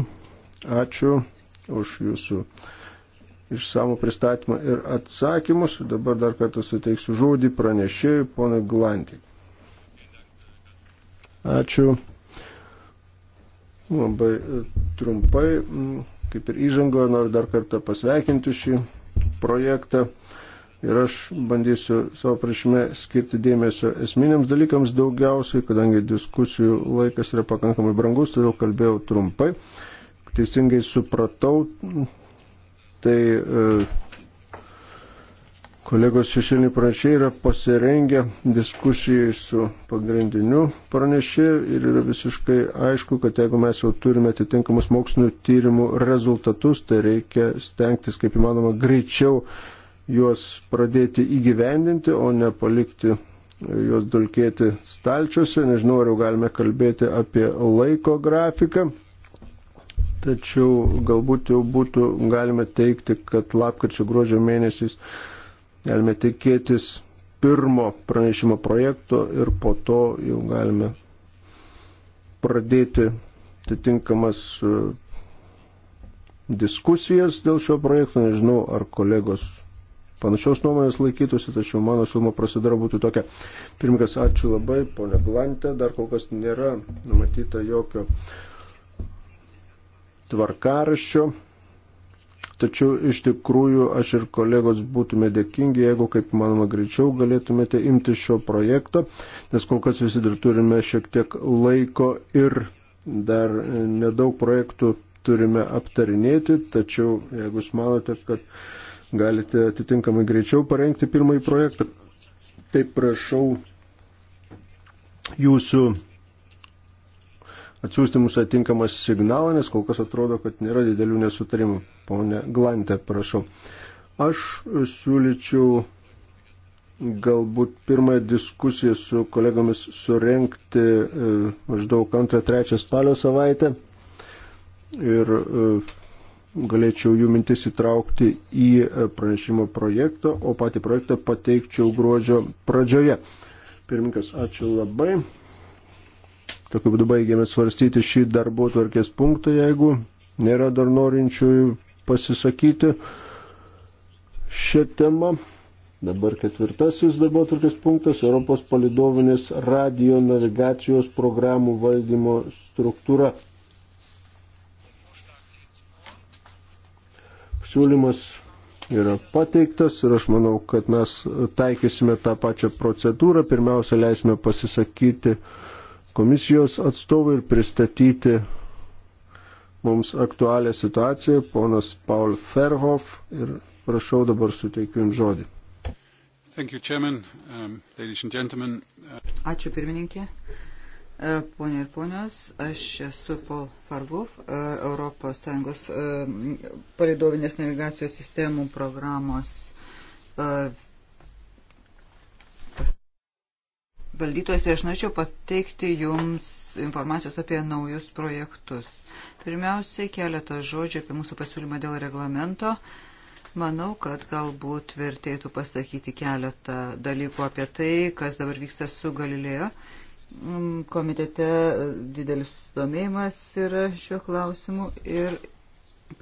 ačiū už jūsų išsamų pristatymą ir atsakymus. Dabar dar kartą suteiksiu žodį pranešėjui, ponai Glantį. Ačiū. Labai trumpai, mm, kaip ir įžangoje, noriu dar kartą pasveikinti šį projektą ir aš bandysiu savo prašymę skirti dėmesio esminiams dalykams daugiausiai, kadangi diskusijų laikas yra pakankamai brangus, todėl kalbėjau trumpai. Teisingai supratau, tai e, kolegos šešėlį pranešiai yra pasirengę diskusijai su pagrindiniu pranešėju ir yra visiškai aišku, kad jeigu mes jau turime atitinkamus mokslinių tyrimų rezultatus, tai reikia stengtis kaip įmanoma greičiau juos pradėti įgyvendinti, o ne palikti e, juos dulkėti stalčiuose. Nežinau, ar jau galime kalbėti apie laiko grafiką, tačiau galbūt jau būtų galima teikti, kad lapkričio gruodžio mėnesiais galime tikėtis pirmo pranešimo projekto ir po to jau galime pradėti atitinkamas e, diskusijas dėl šio projekto. Nežinau, ar kolegos panašios nuomonės laikytųsi, tačiau mano siūlymo procedūra būtų tokia. Pirmininkas, ačiū labai, ponia Glantė, dar kol kas nėra numatyta jokio tvarkaraščio. Tačiau iš tikrųjų aš ir kolegos būtume dėkingi, jeigu kaip manoma greičiau galėtumėte imti šio projekto, nes kol kas visi dar turime šiek tiek laiko ir dar nedaug projektų turime aptarinėti, tačiau jeigu jūs manote, kad galite atitinkamai greičiau parengti pirmąjį projektą. Taip prašau jūsų atsiųsti mūsų atinkamas signalą, nes kol kas atrodo, kad nėra didelių nesutarimų. Pone Glantė, prašau. Aš siūlyčiau galbūt pirmąją diskusiją su kolegomis surenkti e, maždaug antrą, trečią spalio savaitę. Ir e, galėčiau jų mintis įtraukti į e, pranešimo projektą, o patį projektą pateikčiau gruodžio pradžioje. Pirmininkas, ačiū labai. Tokiu būdu baigėme svarstyti šį darbo tvarkės punktą, jeigu nėra dar norinčiųjų pasisakyti šią temą. Dabar ketvirtasis darbo tvarkės punktas - Europos palidovinės radio navigacijos programų valdymo struktūra. siūlymas yra pateiktas ir aš manau, kad mes taikysime tą pačią procedūrą. Pirmiausia, leisime pasisakyti komisijos atstovui ir pristatyti mums aktualią situaciją. Ponas Paul Ferhoff ir prašau dabar suteikiu jums žodį. You, um, uh, Ačiū pirmininkė. E, Pone ir ponios, aš esu Paul Farguf, ES e, palidovinės navigacijos sistemų programos e, valdytojas ir aš norėčiau pateikti jums informacijos apie naujus projektus. Pirmiausiai keletą žodžių apie mūsų pasiūlymą dėl reglamento. Manau, kad galbūt vertėtų pasakyti keletą dalykų apie tai, kas dabar vyksta su Galilėjo Mm, komitete didelis domėjimas yra šiuo klausimu ir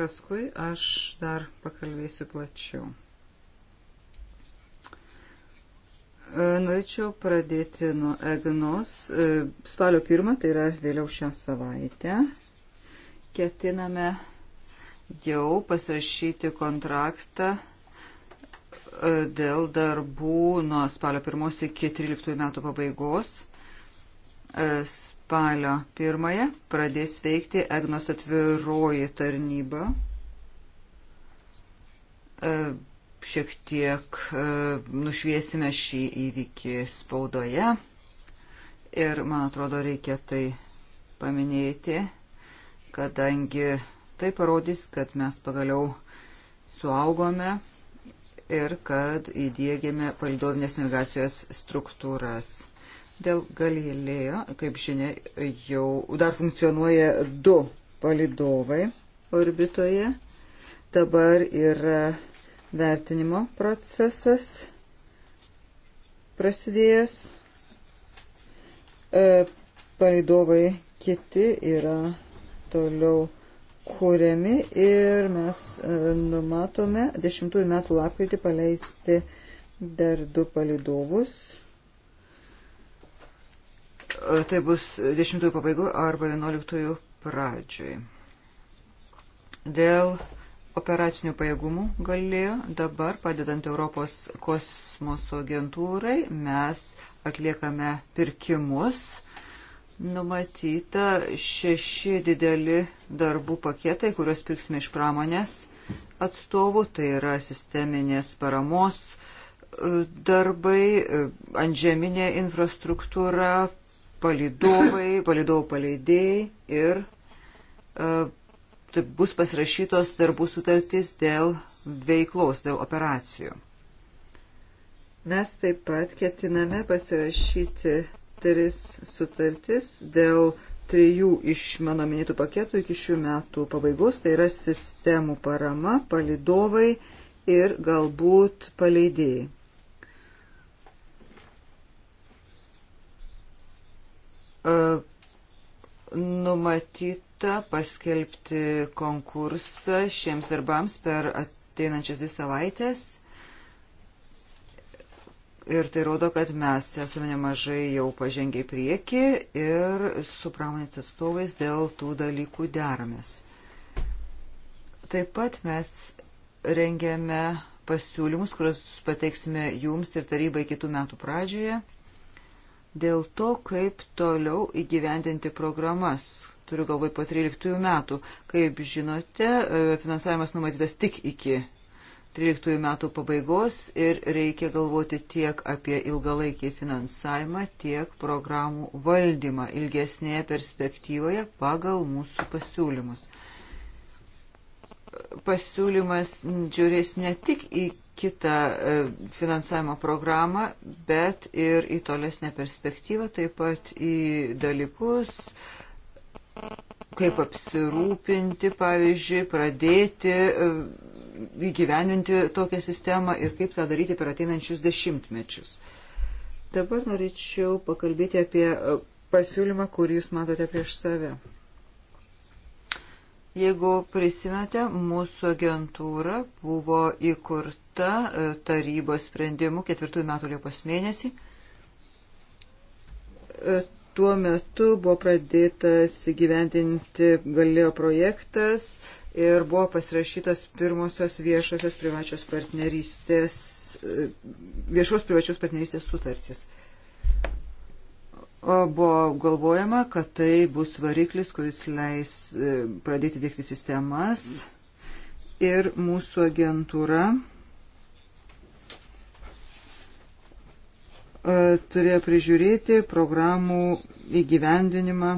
paskui aš dar pakalbėsiu plačiau. E, norėčiau pradėti nuo EGNOS. E, spalio pirmą, tai yra vėliau šią savaitę, ketiname jau pasirašyti kontraktą e, dėl darbų nuo spalio pirmos iki 13 metų pabaigos. Spalio pirmąją pradės veikti EGNOS atviroji tarnyba. E, šiek tiek e, nušviesime šį įvykį spaudoje ir, man atrodo, reikia tai paminėti, kadangi tai parodys, kad mes pagaliau suaugome ir kad įdėgėme palidovinės navigacijos struktūras. Dėl Galilėjo, kaip žinia, jau dar funkcionuoja du palidovai orbitoje. Dabar yra vertinimo procesas prasidėjęs. E, palidovai kiti yra toliau kūriami ir mes e, numatome 10 metų lapkritį paleisti dar du palidovus E, tai bus 10 pabaigų arba 11 pradžioj. Dėl operacinių pajėgumų galėjo dabar, padedant Europos kosmoso agentūrai, mes atliekame pirkimus. Numatyta šeši dideli darbų paketai, kuriuos pirksime iš pramonės atstovų, tai yra sisteminės paramos e, darbai, e, antžeminė infrastruktūra, palidovai, palidovų paleidėjai ir uh, e, tai bus pasirašytos darbų sutartys dėl veiklos, dėl operacijų. Mes taip pat ketiname pasirašyti tris sutartis dėl trijų iš mano minėtų paketų iki šių metų pabaigos, tai yra sistemų parama, palidovai ir galbūt paleidėjai. numatyta paskelbti konkursą šiems darbams per ateinančias dvi savaitės. Ir tai rodo, kad mes esame nemažai jau pažengę į priekį ir su pramonės atstovais dėl tų dalykų deramės. Taip pat mes rengiame pasiūlymus, kuriuos pateiksime jums ir tarybai kitų metų pradžioje dėl to, kaip toliau įgyvendinti programas. Turiu galvoj po 13 metų. Kaip žinote, e, finansavimas numatytas tik iki 13 metų pabaigos ir reikia galvoti tiek apie ilgalaikį finansavimą, tiek programų valdymą ilgesnėje perspektyvoje pagal mūsų pasiūlymus. Pasiūlymas žiūrės ne tik į kitą e, finansavimo programą, bet ir į tolesnę perspektyvą, taip pat į dalykus, kaip apsirūpinti, pavyzdžiui, pradėti e, įgyveninti tokią sistemą ir kaip tą daryti per ateinančius dešimtmečius. Dabar norėčiau pakalbėti apie e, pasiūlymą, kurį jūs matote prieš save. Jeigu prisimete, mūsų agentūra buvo įkurta e, tarybos sprendimu 4 metų Liepos mėnesį. E, tuo metu buvo pradėtas gyventinti galėjo projektas ir buvo pasirašytos pirmosios viešosios privačios partnerystės, e, viešos privačios partnerystės sutartys buvo galvojama, kad tai bus variklis, kuris leis e, pradėti dėkti sistemas ir mūsų agentūra e, turėjo prižiūrėti programų įgyvendinimą,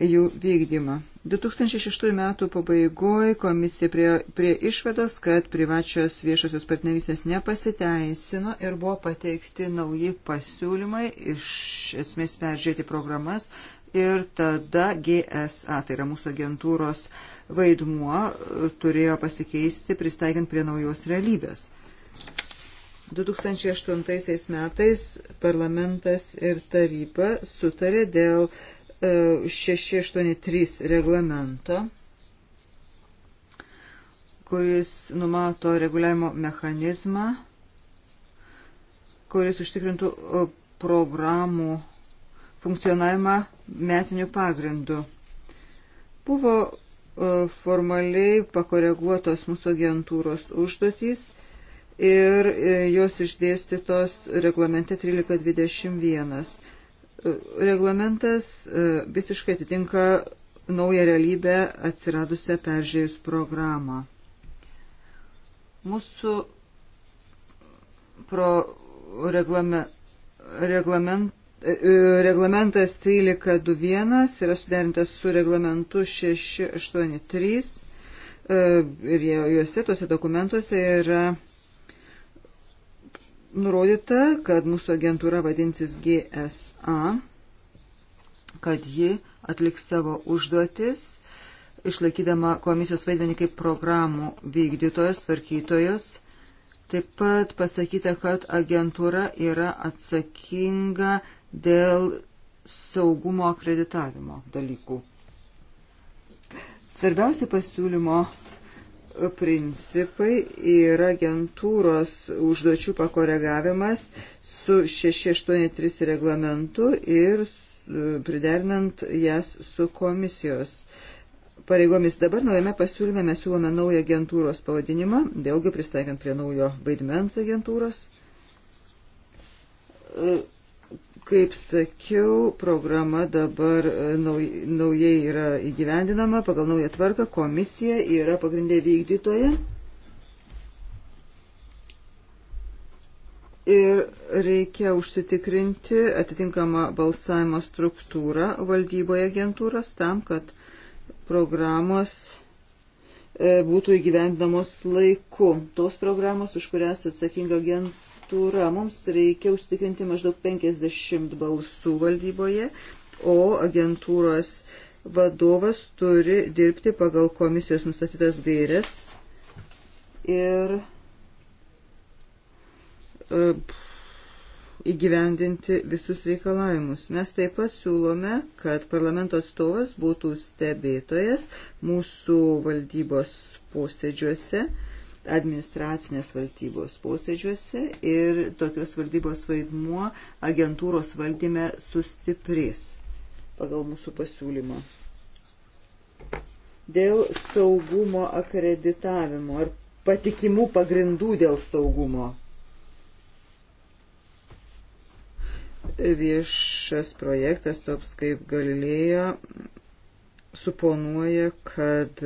jų vykdymą. 2006 metų pabaigoje komisija prie, prie išvados, kad privačios viešosios partnerystės nepasiteisino ir buvo pateikti nauji pasiūlymai iš esmės peržiūrėti programas ir tada GSA, tai yra mūsų agentūros vaidmuo, turėjo pasikeisti pristaikiant prie naujos realybės. 2008 metais parlamentas ir taryba sutarė dėl 683 reglamento, kuris numato reguliavimo mechanizmą, kuris užtikrintų programų funkcionavimą metinių pagrindų. Buvo formaliai pakoreguotos mūsų agentūros užduotys ir e, jos išdėstytos reglamente 1321. Reglamentas e, visiškai atitinka naują realybę atsiradusią peržiūrėjus programą. Mūsų pro reglame, reglament, e, e, reglamentas 1321 yra suderintas su reglamentu 683 ir juose, tuose dokumentuose yra nurodyta, kad mūsų agentūra vadinsis GSA, kad ji atliks savo užduotis, išlaikydama komisijos vaidmenį kaip programų vykdytojas, tvarkytojas. Taip pat pasakyta, kad agentūra yra atsakinga dėl saugumo akreditavimo dalykų. Svarbiausia pasiūlymo principai yra agentūros užduočių pakoregavimas su 683 reglamentu ir pridernant jas su komisijos pareigomis. Dabar naujame pasiūlyme mes siūlome naują agentūros pavadinimą, vėlgi pristaikant prie naujo vaidmens agentūros. Kaip sakiau, programa dabar e, naujai yra įgyvendinama pagal naują tvarką, komisija yra pagrindė vykdytoja. Ir reikia užsitikrinti atitinkamą balsavimo struktūrą valdyboje agentūros tam, kad programos e, būtų įgyvendinamos laiku. Tos programos, už kurias atsakinga agentūra struktūra. Mums reikia užtikrinti maždaug 50 balsų valdyboje, o agentūros vadovas turi dirbti pagal komisijos nustatytas gairias ir e, įgyvendinti visus reikalavimus. Mes taip pat siūlome, kad parlamento atstovas būtų stebėtojas mūsų valdybos posėdžiuose administracinės valdybos posėdžiuose ir tokios valdybos vaidmuo agentūros valdyme sustiprės pagal mūsų pasiūlymą. Dėl saugumo akreditavimo ar patikimų pagrindų dėl saugumo. Viešas projektas toks kaip Galilėjo suponuoja, kad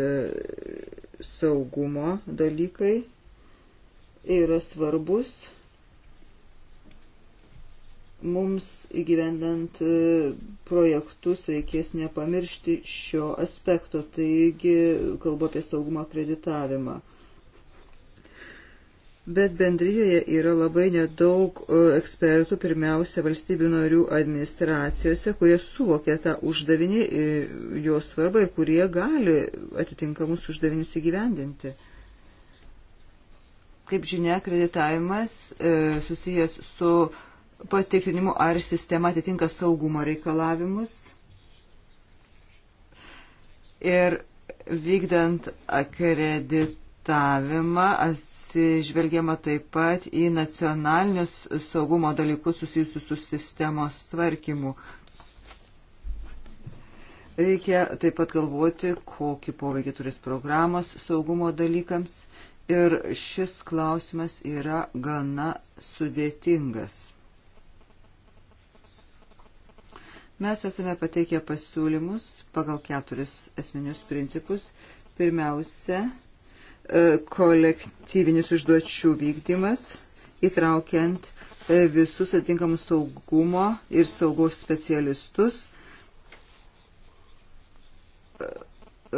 saugumo dalykai yra svarbus mums įgyvendant e, projektus reikės nepamiršti šio aspekto, taigi kalbu apie saugumo akreditavimą bet bendryjoje yra labai nedaug e, ekspertų, pirmiausia, valstybių narių administracijose, kurie suvokia tą uždavinį, e, jo svarbą ir kurie gali atitinkamus uždavinius įgyvendinti. Kaip žinia, kreditavimas e, susijęs su patikrinimu, ar sistema atitinka saugumo reikalavimus. Ir vykdant akreditavimą, as, atsižvelgiama taip pat į nacionalinius saugumo dalykus susijusius su sistemos tvarkymu. Reikia taip pat galvoti, kokį poveikį turės programos saugumo dalykams. Ir šis klausimas yra gana sudėtingas. Mes esame pateikę pasiūlymus pagal keturis esminius principus. Pirmiausia, E, kolektyvinis užduočių vykdymas, įtraukiant e, visus atitinkamus saugumo ir saugos specialistus.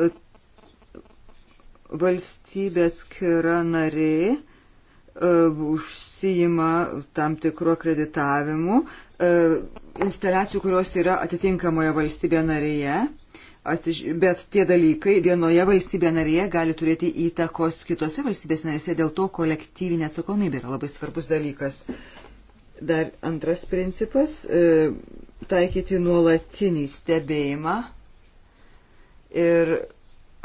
E, valstybė atskira nariai užsijima tam tikru akreditavimu instaliacijų, kurios yra atitinkamoje valstybėje narėje bet tie dalykai vienoje valstybėje narėje gali turėti įtakos kitose valstybės narėse, dėl to kolektyvinė atsakomybė yra labai svarbus dalykas. Dar antras principas e, - taikyti nuolatinį stebėjimą ir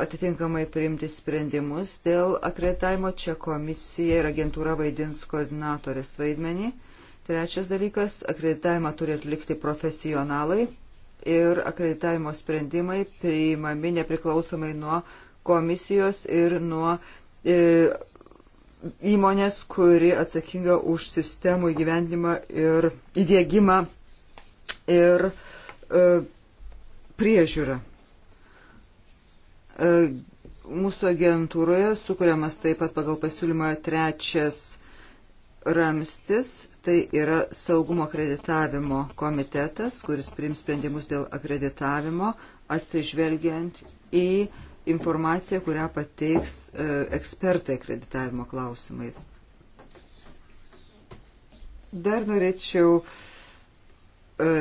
atitinkamai priimti sprendimus dėl akreditavimo. Čia komisija ir agentūra vaidins koordinatorės vaidmenį. Trečias dalykas - akreditavimą turi atlikti profesionalai ir akreditavimo sprendimai priimami nepriklausomai nuo komisijos ir nuo e, įmonės, kuri atsakinga už sistemų įgyvendimą ir įdėgymą ir e, priežiūrą. E, mūsų agentūroje sukūriamas taip pat pagal pasiūlymą trečias ramstis Tai yra saugumo akreditavimo komitetas, kuris prims sprendimus dėl akreditavimo, atsižvelgiant į informaciją, kurią pateiks e, ekspertai akreditavimo klausimais. Dar norėčiau e,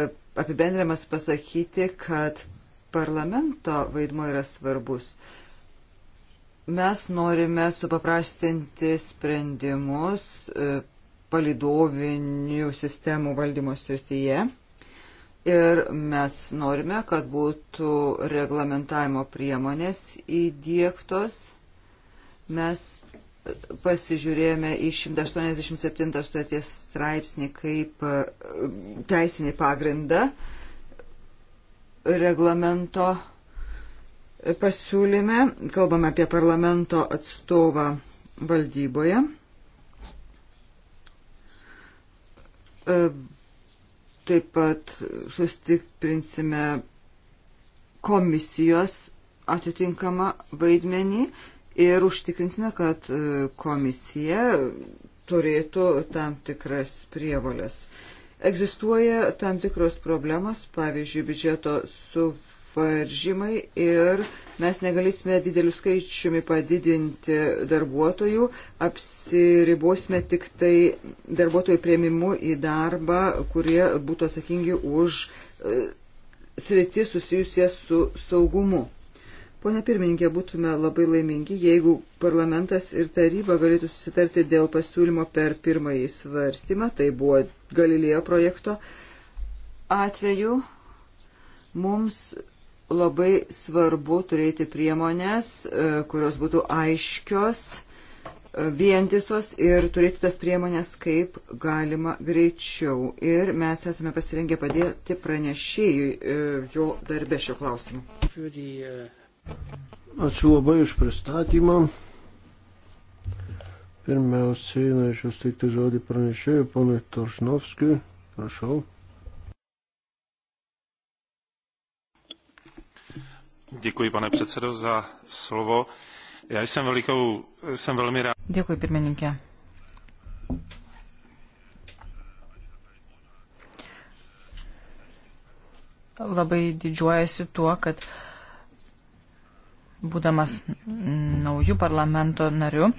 apibendriamas pasakyti, kad parlamento vaidmo yra svarbus. Mes norime supaprastinti sprendimus, e, palidovinių sistemų valdymo srityje. Ir mes norime, kad būtų reglamentavimo priemonės įdėktos. Mes pasižiūrėjome į 187 sutarties straipsnį kaip e, teisinį pagrindą reglamento pasiūlyme. Kalbame apie parlamento atstovą valdyboje. E, taip pat sustiprinsime komisijos atitinkamą vaidmenį ir užtikrinsime, kad e, komisija turėtų tam tikras prievolės. Egzistuoja tam tikros problemos, pavyzdžiui, biudžeto suvaržymas varžymai ir mes negalėsime dideliu skaičiumi padidinti darbuotojų, apsiribosime tik tai darbuotojų prieimimu į darbą, kurie būtų atsakingi už e, sritį susijusią su saugumu. Pone pirmininkė, būtume labai laimingi, jeigu parlamentas ir taryba galėtų susitarti dėl pasiūlymo per pirmąjį svarstymą, tai buvo Galilėjo projekto atveju. Mums labai svarbu turėti priemonės, e, kurios būtų aiškios, e, vientisos ir turėti tas priemonės kaip galima greičiau. Ir mes esame pasirengę padėti pranešėjui e, jo darbę šio klausimu. Ačiū labai už pristatymą. Pirmiausiai norėčiau steigti žodį pranešėjui, ponui Toršnovskijui. Prašau. Děkuji, pane předsedo, za slovo. Já jsem, velikou, jsem velmi rád. Děkuji, pirmininkė. Labai didžiuojasi tuo, kad būdamas naujų parlamento nariu,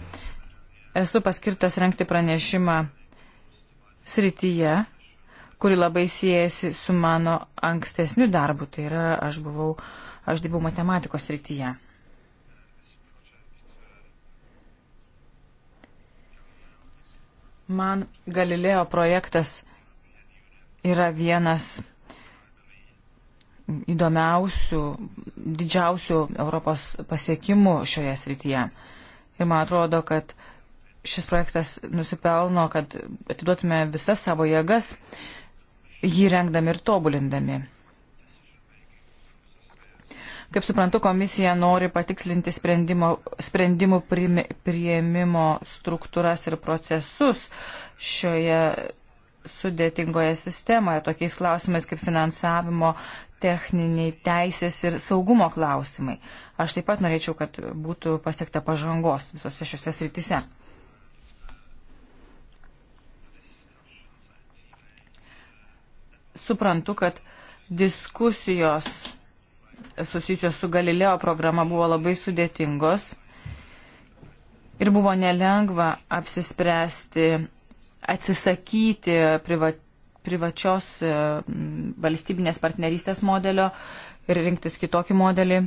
esu paskirtas renkti pranešimą srityje, kuri labai siejasi su mano ankstesniu darbu. Tai yra, aš buvau uh, Aš dirbau matematikos rytyje. Man Galilėjo projektas yra vienas įdomiausių, didžiausių Europos pasiekimų šioje srityje. Ir man atrodo, kad šis projektas nusipelno, kad atiduotume visas savo jėgas jį rengdami ir tobulindami. Kaip suprantu, komisija nori patikslinti sprendimų prieimimo struktūras ir procesus šioje sudėtingoje sistemoje, tokiais klausimais kaip finansavimo, techniniai, teisės ir saugumo klausimai. Aš taip pat norėčiau, kad būtų pasiekta pažangos visose šiuose srityse. Suprantu, kad diskusijos susijusios su Galileo programa buvo labai sudėtingos ir buvo nelengva apsispręsti, atsisakyti priva, privačios e, valstybinės partnerystės modelio ir rinktis kitokį modelį.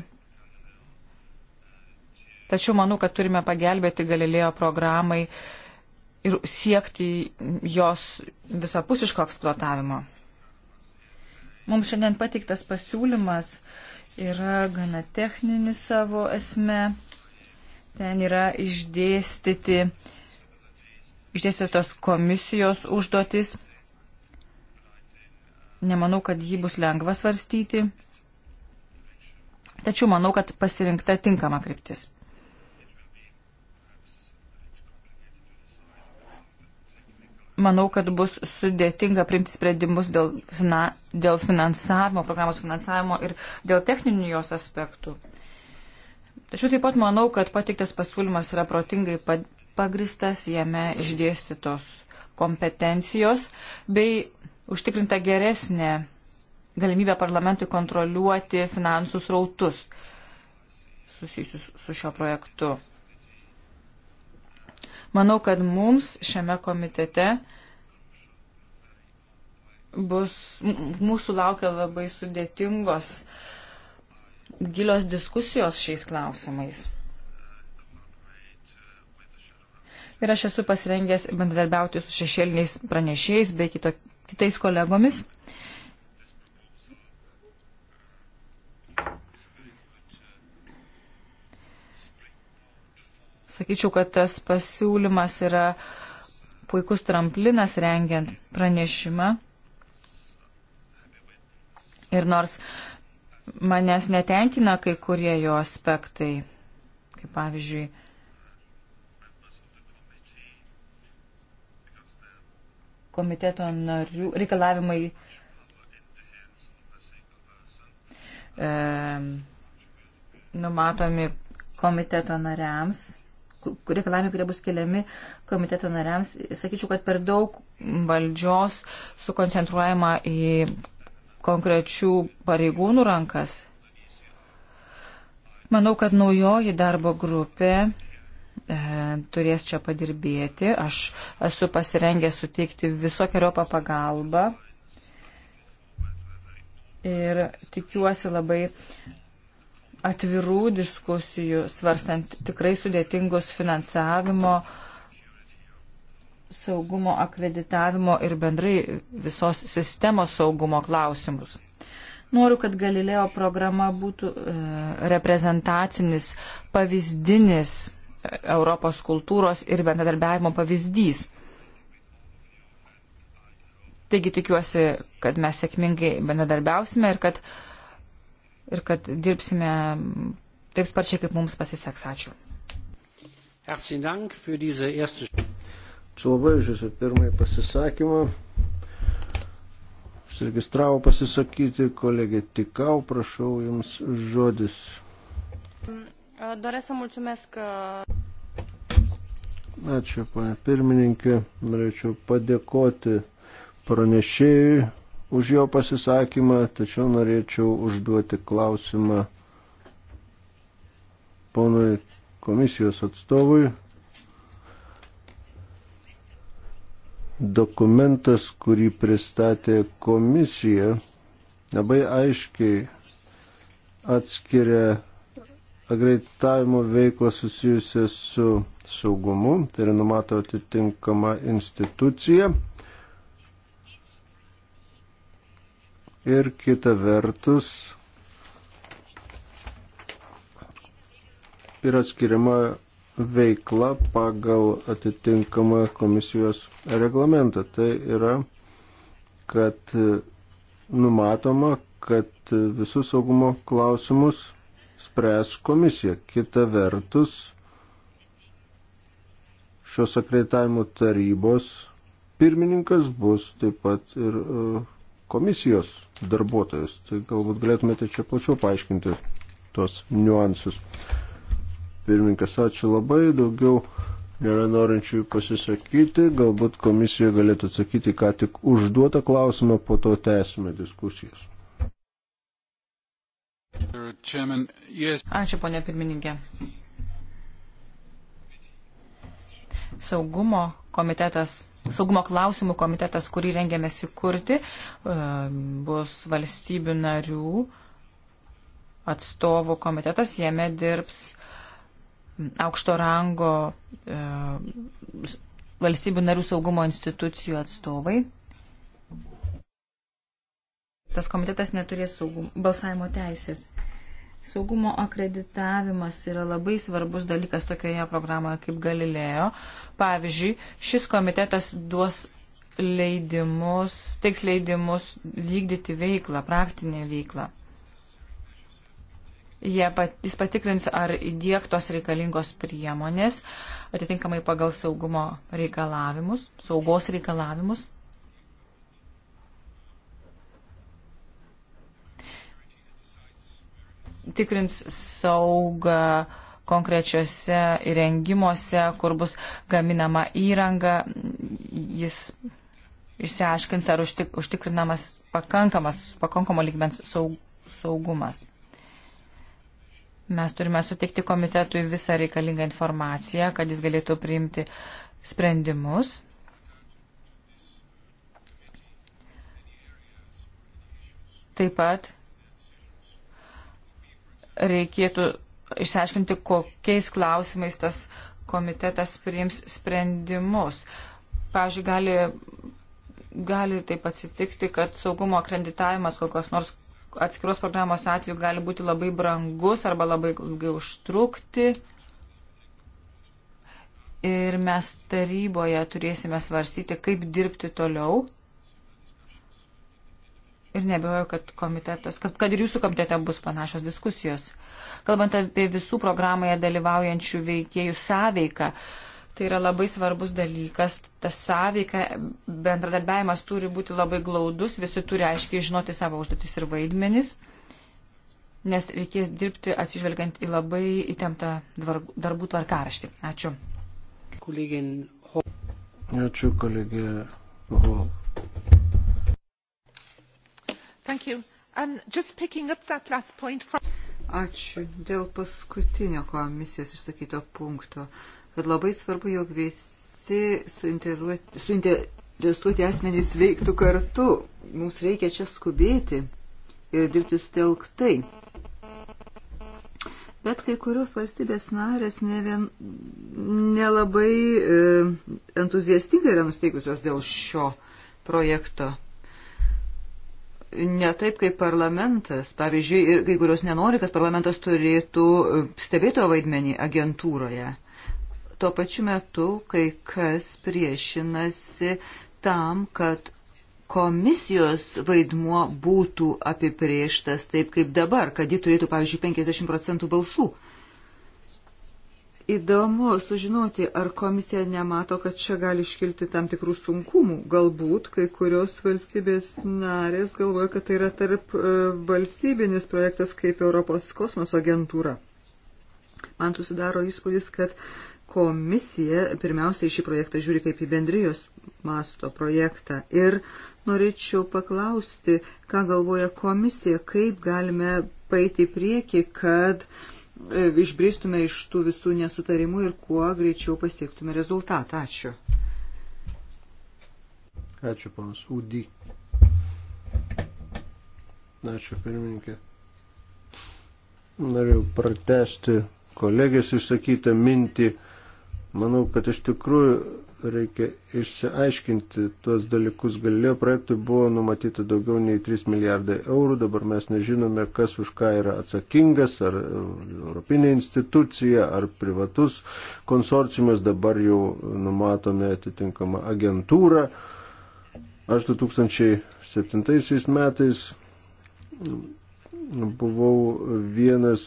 Tačiau manau, kad turime pagelbėti Galilėjo programai ir siekti jos visapusiško eksploatavimo. Mums šiandien pateiktas pasiūlymas uh, yra gana techninis savo esme. Ten yra išdėstyti, išdėstytos komisijos užduotis. Nemanau, kad jį bus lengva svarstyti. Tačiau manau, kad pasirinkta tinkama kryptis. manau, kad bus sudėtinga priimti sprendimus dėl, fina, dėl finansavimo, programos finansavimo ir dėl techninių jos aspektų. Tačiau taip pat manau, kad pateiktas pasiūlymas yra protingai pagristas, jame išdėstytos kompetencijos bei užtikrinta geresnė galimybė parlamentui kontroliuoti finansų srautus susijusius su šio projektu. Manau, kad mums šiame komitete bus, mūsų laukia labai sudėtingos, gilios diskusijos šiais klausimais. Ir aš esu pasirengęs bendradarbiauti su šešėliniais pranešėjais bei kito, kitais kolegomis. Uh, Sakyčiau, kad tas pasiūlymas yra puikus tramplinas rengiant pranešimą. Ir nors manęs netenkina kai kurie jo aspektai, kaip pavyzdžiui, komiteto narių reikalavimai e, numatomi komiteto nariams reikalavimai, kurie bus keliami komiteto nariams, sakyčiau, kad per daug valdžios sukoncentruojama į konkrečių pareigūnų rankas. Manau, kad naujoji darbo grupė e, turės čia padirbėti. Aš esu pasirengęs suteikti visokiojo pagalbą. Ir tikiuosi labai atvirų diskusijų, svarstant tikrai sudėtingus finansavimo, saugumo akreditavimo ir bendrai visos sistemos saugumo klausimus. Noriu, kad Galileo programa būtų e, reprezentacinis, pavyzdinis e, Europos kultūros ir bendradarbiavimo pavyzdys. Taigi tikiuosi, kad mes sėkmingai bendradarbiausime ir kad e, ir kad dirbsime taip sparčiai, kaip mums pasiseks. Ačiū. Ačiū labai už Jūsų pirmąjį pasisakymą. Užsiregistravo pasisakyti kolegė Tikau, prašau Jums žodis. Doresc să mulțumesc uh, Ačiū, panė pirmininkė. Norėčiau padėkoti pranešėjui už jo pasisakymą, tačiau norėčiau užduoti klausimą ponui komisijos atstovui. Dokumentas, kurį pristatė komisija, labai aiškiai atskiria agreitavimo veiklą susijusią su saugumu, tai yra numato atitinkama institucija ir kita vertus yra skiriama veikla pagal atitinkamą komisijos reglamentą. Tai yra, kad numatoma, kad visus saugumo klausimus spręs komisija. Kita vertus, šios akreditavimo tarybos pirmininkas bus taip pat ir uh, komisijos darbuotojus. Tai galbūt galėtumėte čia plačiau paaiškinti tos niuansus. Pirmininkas, ačiū labai, daugiau nėra norinčių pasisakyti, galbūt komisija galėtų atsakyti, ką tik užduotą klausimą, po to tęsime diskusijas. Ačiū, ponė pirmininkė. Saugumo komitetas Saugumo klausimų komitetas, kurį rengiamės įkurti, e, bus valstybių narių atstovų komitetas, jame dirbs aukšto rango e, valstybių narių saugumo institucijų atstovai. Tas komitetas neturės saugum, balsavimo teisės. Saugumo akreditavimas yra labai svarbus dalykas tokioje programoje kaip Galilėjo. Pavyzdžiui, šis komitetas duos leidimus, teiks leidimus vykdyti veiklą, praktinę veiklą. Jie pat, jis patikrins, ar įdėktos reikalingos priemonės, atitinkamai pagal saugumo reikalavimus, saugos reikalavimus. tikrins saugą konkrečiose įrengimuose, kur bus gaminama įranga, jis išsiaiškins, ar užtik, užtikrinamas pakankamas, pakankamo lygmens saug, saugumas. Mes turime sutikti komitetui visą reikalingą informaciją, kad jis galėtų priimti sprendimus. Taip pat reikėtų išsiaiškinti, kokiais klausimais tas komitetas priims sprendimus. Pavyzdžiui, gali, gali taip atsitikti, kad saugumo akreditavimas kokios nors atskiros programos atveju gali būti labai brangus arba labai ilgai užtrukti. Ir mes taryboje turėsime svarstyti, kaip dirbti toliau ir nebejoju, kad komitetas, kad, kad ir jūsų komitete bus panašios diskusijos. Kalbant apie visų programoje dalyvaujančių veikėjų sąveiką, tai yra labai svarbus dalykas. Tas sąveika, bendradarbiavimas turi būti labai glaudus, visi turi aiškiai žinoti savo užduotis ir vaidmenis, nes reikės dirbti atsižvelgiant į labai įtemptą darbų tvarkaraštį. Ačiū. Kolegin... Ačiū kolegė Hol. Thank you. Um, just picking up that last point from... Ačiū dėl paskutinio komisijos išsakyto punkto, kad labai svarbu, jog visi suinteresuoti asmenys veiktų kartu. Mums reikia čia skubėti ir dirbti sutelktai. Bet kai kurios valstybės narės ne vien, nelabai e, entuziastingai yra nusteikusios dėl šio projekto ne taip kaip parlamentas. Pavyzdžiui, ir kai kurios nenori, kad parlamentas turėtų stebėtojo vaidmenį agentūroje. Tuo pačiu metu kai kas priešinasi tam, kad komisijos vaidmuo būtų apiprieštas taip kaip dabar, kad ji turėtų, pavyzdžiui, 50 procentų balsų. Įdomu sužinoti, ar komisija nemato, kad čia gali iškilti tam tikrų sunkumų. Galbūt kai kurios valstybės narės galvoja, kad tai yra tarp e, valstybinis projektas kaip Europos kosmoso agentūra. Man susidaro įspūdis, kad komisija pirmiausiai šį projektą žiūri kaip į bendrijos masto projektą. Ir norėčiau paklausti, ką galvoja komisija, kaip galime paeiti į priekį, kad uh, E, išbristume iš tų visų nesutarimų ir kuo greičiau pasiektume rezultatą. Ačiū. Ačiū, panas Udy. Ačiū, pirmininkė. Norėjau pratesti kolegės išsakytą mintį. Manau, kad iš tikrųjų reikia išsiaiškinti tuos dalykus. Galilėjo projektui buvo numatyta daugiau nei 3 milijardai eurų, dabar mes nežinome, kas už ką yra atsakingas, ar Europinė institucija, ar privatus konsorciumas, dabar jau numatome atitinkamą agentūrą. Aš 2007 metais buvau vienas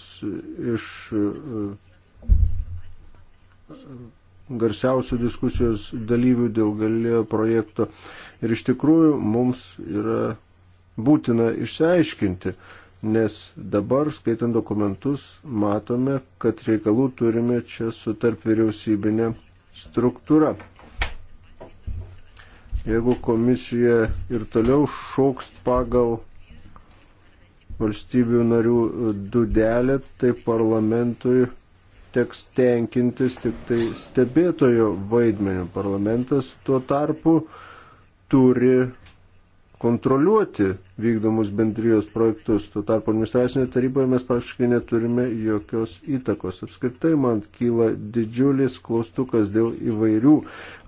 iš garsiausių diskusijos dalyvių dėl galėjo projekto. Ir iš tikrųjų mums yra būtina išsiaiškinti, nes dabar, skaitant dokumentus, matome, kad reikalų turime čia su tarp vyriausybinė struktūra. Jeigu komisija ir toliau šauks pagal valstybių narių dudelę, tai parlamentui teks tenkintis tik tai stebėtojo vaidmenį. Parlamentas tuo tarpu turi kontroliuoti vykdomus bendrijos projektus. Tuo tarpu administracinėje taryboje mes praktiškai neturime jokios įtakos. Apskritai man kyla didžiulis klaustukas dėl įvairių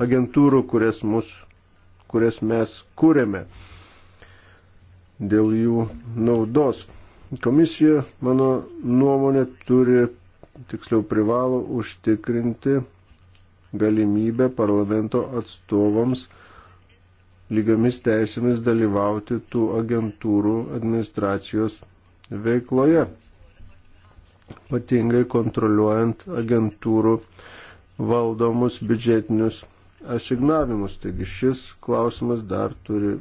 agentūrų, kurias, mus, kurias mes kūrėme, dėl jų naudos. Komisija, mano nuomonė, turi tiksliau privalo užtikrinti galimybę parlamento atstovams lygiamis teisėmis dalyvauti tų agentūrų administracijos veikloje, ypatingai kontroliuojant agentūrų valdomus biudžetinius asignavimus. Taigi šis klausimas dar turi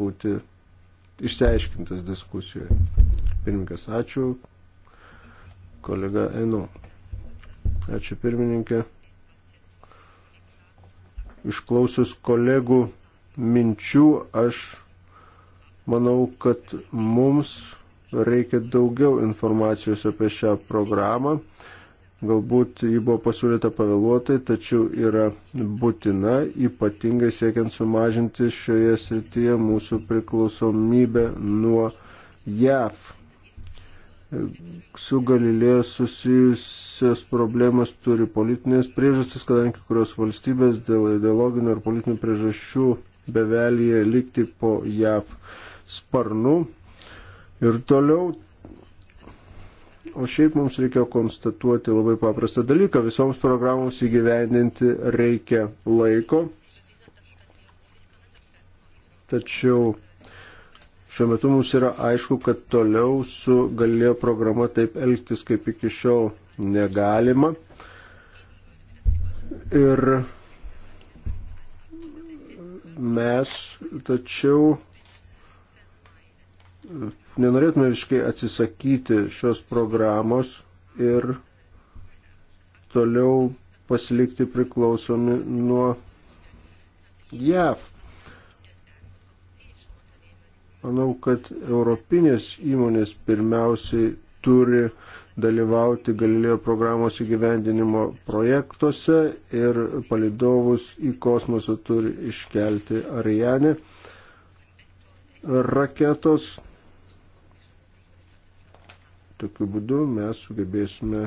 būti išsiaiškintas diskusijoje. Pirmininkas, ačiū kolega Enu. Ačiū pirmininkė. Išklausius kolegų minčių, aš manau, kad mums reikia daugiau informacijos apie šią programą. Galbūt ji buvo pasiūlyta pavėluotai, tačiau yra būtina, ypatingai siekiant sumažinti šioje srityje mūsų priklausomybę nuo JAV su Galilėjo susijusios problemos turi politinės priežastis, kadangi kurios valstybės dėl ideologinių ar politinių priežasčių bevelyje likti po JAV sparnų. Ir toliau O šiaip mums reikia konstatuoti labai paprastą dalyką. Visoms programoms įgyvendinti reikia laiko. Tačiau Šiuo metu mums yra aišku, kad toliau su galėjo programa taip elgtis, kaip iki šiol negalima. Ir mes tačiau nenorėtume visiškai atsisakyti šios programos ir toliau pasilikti priklausomi nuo JAV. Manau, kad europinės įmonės pirmiausiai turi dalyvauti Galilėjo programos įgyvendinimo projektuose ir palidovus į kosmosą turi iškelti Ariane raketos. Tokiu būdu mes sugebėsime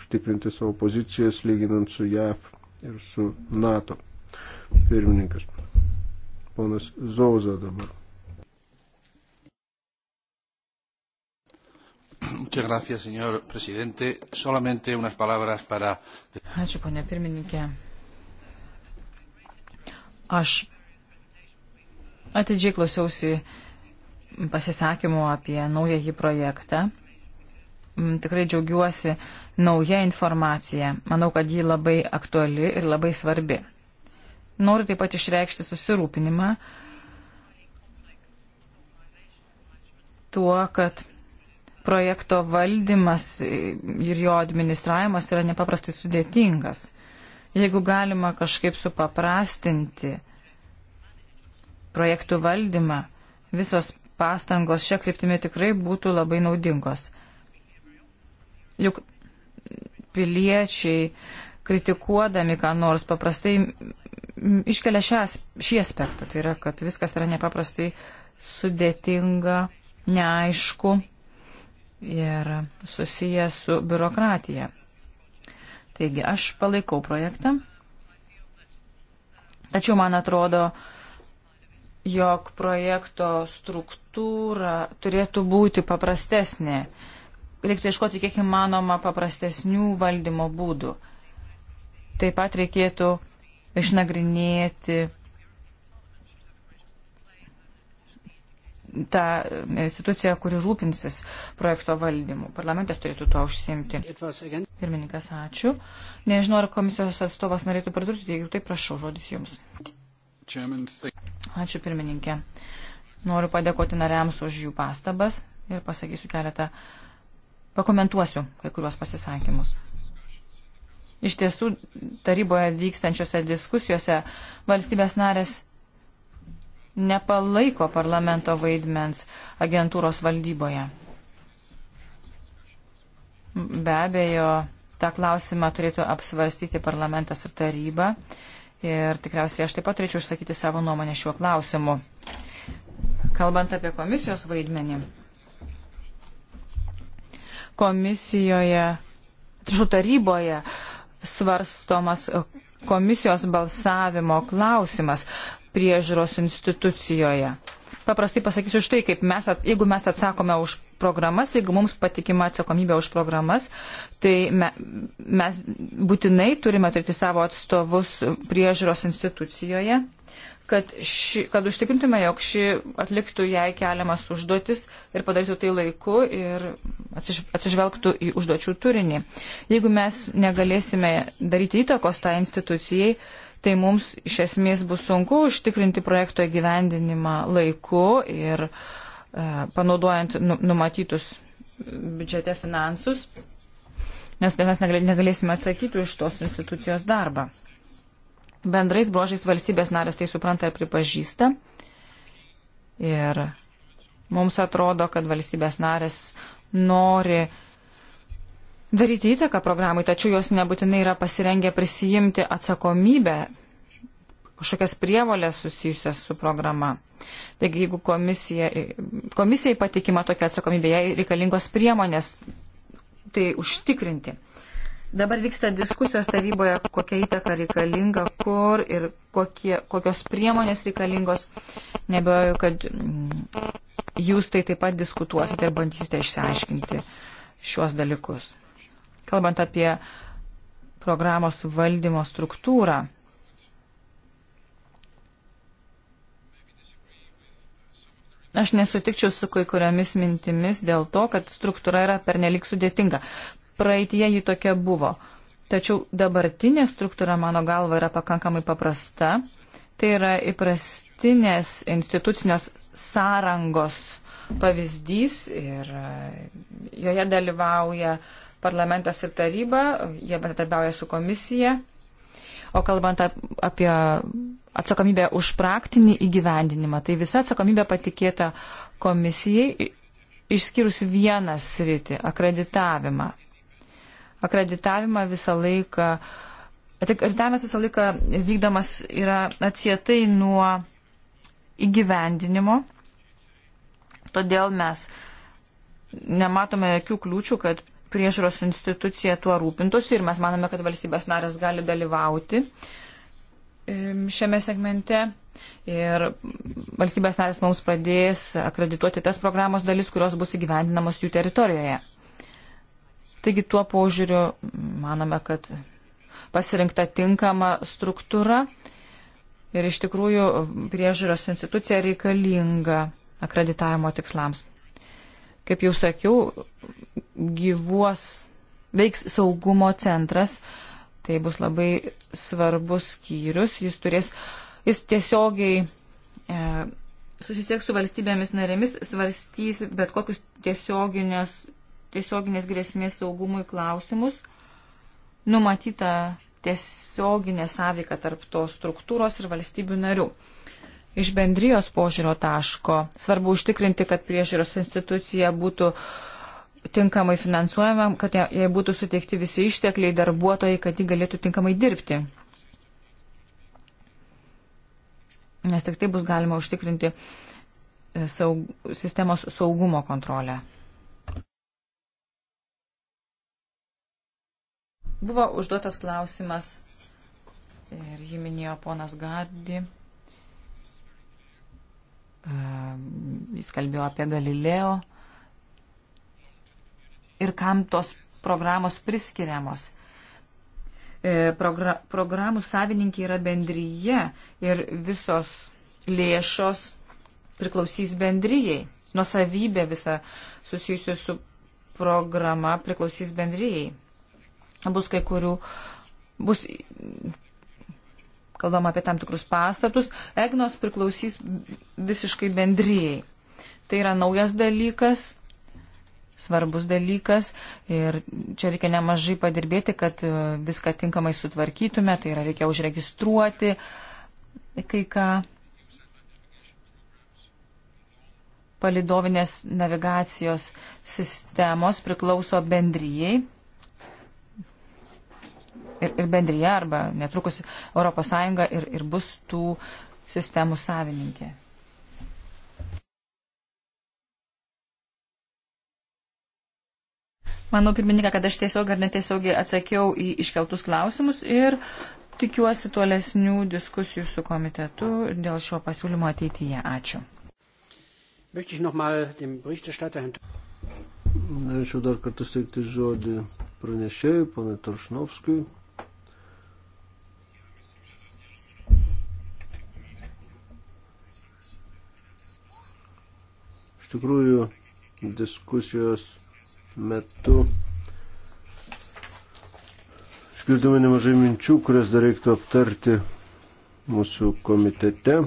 užtikrinti savo pozicijas lyginant su JAV ir su NATO pirmininkas. Ponas Zauza dabar. Muchas gracias, señor presidente. Solamente unas palabras para. Ačiū, ponia pirmininkė. Aš atidžiai klausiausi pasisakymų apie naująjį projektą. Mm, tikrai džiaugiuosi nauja informacija. Manau, kad ji labai aktuali ir labai svarbi. Noriu taip pat išreikšti susirūpinimą tuo, kad projekto valdymas ir jo administravimas yra nepaprastai sudėtingas. Jeigu galima kažkaip supaprastinti projektų valdymą, visos pastangos šią kryptimį tikrai būtų labai naudingos. Juk piliečiai kritikuodami, ką nors paprastai iškelia šią, šį aspektą. Tai yra, kad viskas yra nepaprastai sudėtinga, neaišku ir susiję su biurokratija. Taigi aš palaikau projektą. Tačiau man atrodo, jog projekto struktūra turėtų būti paprastesnė. Reiktų ieškoti kiek įmanoma paprastesnių valdymo būdų. Taip pat reikėtų išnagrinėti tą instituciją, kuri rūpinsis projekto valdymu. Parlamentas turėtų tuo užsimti. Pirmininkas, ačiū. Nežinau, ar komisijos atstovas norėtų pridurti, jeigu tai prašau, žodis jums. Ačiū pirmininkė. Noriu padėkoti nariams už jų pastabas ir pasakysiu keletą, pakomentuosiu kai kuriuos pasisakymus. Iš tiesų, taryboje vykstančiose diskusijose valstybės narės nepalaiko parlamento vaidmens agentūros valdyboje. Be abejo, tą klausimą turėtų apsvarstyti parlamentas ir taryba. Ir tikriausiai aš taip pat turėčiau išsakyti savo nuomonę šiuo klausimu. Kalbant apie komisijos vaidmenį. Komisijoje, atsiprašau, taryboje svarstomas komisijos balsavimo klausimas priežiūros institucijoje. Paprastai pasakysiu štai, kaip mes, at, jeigu mes atsakome už programas, jeigu mums patikima atsakomybė už programas, tai me, mes būtinai turime turėti savo atstovus priežiūros institucijoje kad, ši, kad užtikrintume, jog ši atliktų jai keliamas užduotis ir padarytų tai laiku ir atsiž, atsižvelgtų į užduočių turinį. Jeigu mes negalėsime daryti įtakos tą tai institucijai, tai mums iš esmės bus sunku užtikrinti projekto įgyvendinimą laiku ir e, panaudojant nu, numatytus biudžete finansus, nes mes negalėsime atsakyti už tos institucijos darbą bendrais brožais valstybės narės tai supranta ir pripažįsta. Ir mums atrodo, kad valstybės narės nori daryti įtaką programai, tačiau jos nebūtinai yra pasirengę prisijimti atsakomybę kažkokias prievolės susijusias su programa. Taigi, jeigu komisija, komisijai patikima tokia atsakomybė, jai reikalingos priemonės tai užtikrinti. Uh, Dabar vyksta diskusijos taryboje, kokia įtaka reikalinga, kur ir kokie, kokios priemonės reikalingos. Nebejoju, kad mm, jūs tai taip pat diskutuosite ir bandysite išsiaiškinti šiuos dalykus. Kalbant apie programos valdymo struktūrą. Aš nesutikčiau su kai kuriomis mintimis dėl to, kad struktūra yra pernelik sudėtinga praeitie ji tokia buvo. Tačiau dabartinė struktūra, mano galva, yra pakankamai paprasta. Tai yra įprastinės institucinios sąrangos pavyzdys ir e, joje dalyvauja parlamentas ir taryba, jie bendradarbiauja su komisija. O kalbant apie atsakomybę už praktinį įgyvendinimą, tai visa atsakomybė patikėta komisijai, išskyrus vieną sritį - akreditavimą akreditavimą visą laiką, akreditavimas visą laiką vykdomas yra atsietai nuo įgyvendinimo. Todėl mes nematome jokių kliūčių, kad priežiūros institucija tuo rūpintųsi ir mes manome, kad valstybės narės gali dalyvauti šiame segmente. Ir valstybės narės mums pradės akredituoti tas programos dalis, kurios bus įgyvendinamos jų teritorijoje. Taigi tuo požiūriu manome, kad pasirinkta tinkama struktūra ir iš tikrųjų priežiūros institucija reikalinga akreditavimo tikslams. Kaip jau sakiau, gyvuos veiks saugumo centras, tai bus labai svarbus skyrius, jis turės, jis tiesiogiai e, susisieks su valstybėmis narėmis, svarstys bet kokius tiesioginės tiesioginės grėsmės saugumui klausimus, numatyta tiesioginė sąveika tarp tos struktūros ir valstybių narių. Iš bendrijos požiūrio taško svarbu užtikrinti, kad priežiūros institucija būtų tinkamai finansuojama, kad jai būtų suteikti visi ištekliai darbuotojai, kad ji galėtų tinkamai dirbti. Nes tik tai bus galima užtikrinti saug, sistemos saugumo kontrolę. Buvo užduotas klausimas ir jį minėjo ponas Gardi. Ehm, jis kalbėjo apie Galileo ir kam tos programos priskiriamos. E, progra programų savininkė yra bendryje ir visos lėšos priklausys bendryjai. Nusavybė visa susijusi su programa priklausys bendryjai bus kai kurių, bus kalbama apie tam tikrus pastatus, EGNOS priklausys visiškai bendryjai. Tai yra naujas dalykas, svarbus dalykas ir čia reikia nemažai padirbėti, kad e, viską tinkamai sutvarkytume, tai yra reikia užregistruoti kai ką palidovinės navigacijos sistemos priklauso bendryjai ir, ir bendryje arba netrukus ES ir, ir bus tų sistemų savininkė. Manau, pirmininką, kad aš tiesiog ar netiesiogiai atsakiau į iškeltus klausimus ir tikiuosi tolesnių diskusijų su komitetu dėl šio pasiūlymo ateityje. Ačiū. Norėčiau dar kartą steigti žodį pranešėjui, panai Toršnovskui. tikrųjų diskusijos metu išgirdome nemažai minčių, kurias dar reiktų aptarti mūsų komitete.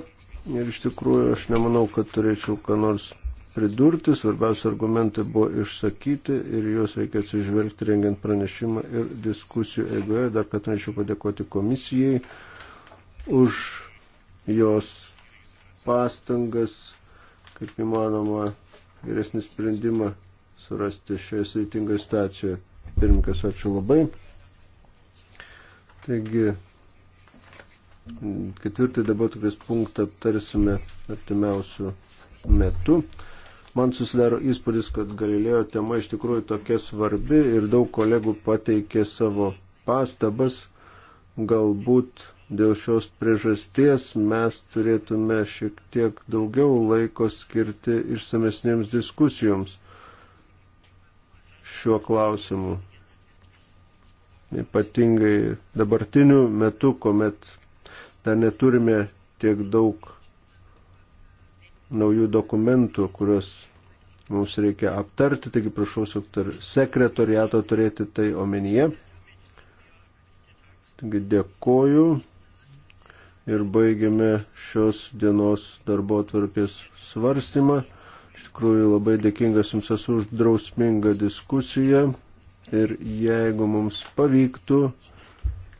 Ir iš tikrųjų aš nemanau, kad turėčiau ką nors pridurti. Svarbiausia argumentai buvo išsakyti ir juos reikia atsižvelgti rengiant pranešimą ir diskusijų eigoje. Dar kad norėčiau padėkoti komisijai už jos pastangas kaip įmanoma geresnį sprendimą surasti šioje sveitingoje stacijoje. Pirmininkas, ačiū labai. Taigi, ketvirtį dabar tokias punktą aptarsime artimiausių metų. Man susidaro įspūdis, kad Galilėjo tema iš tikrųjų tokia svarbi ir daug kolegų pateikė savo pastabas. Galbūt Dėl šios priežasties mes turėtume šiek tiek daugiau laiko skirti išsamesnėms diskusijoms šiuo klausimu. Ypatingai dabartiniu metu, kuomet dar neturime tiek daug naujų dokumentų, kuriuos mums reikia aptarti, taigi prašau sekretoriato turėti tai omenyje. Taigi dėkoju ir baigiame šios dienos darbo tvarkės svarstymą. Iš tikrųjų labai dėkingas Jums esu už drausmingą diskusiją ir jeigu mums pavyktų,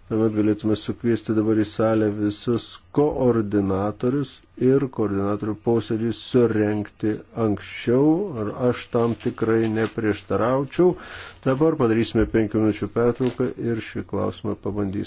tuomet galėtume sukviesti dabar į salę visus koordinatorius ir koordinatorių posėdį surenkti anksčiau, ar aš tam tikrai neprieštaraučiau. Dabar padarysime penkių minučių pertrauką ir šį klausimą pabandysime.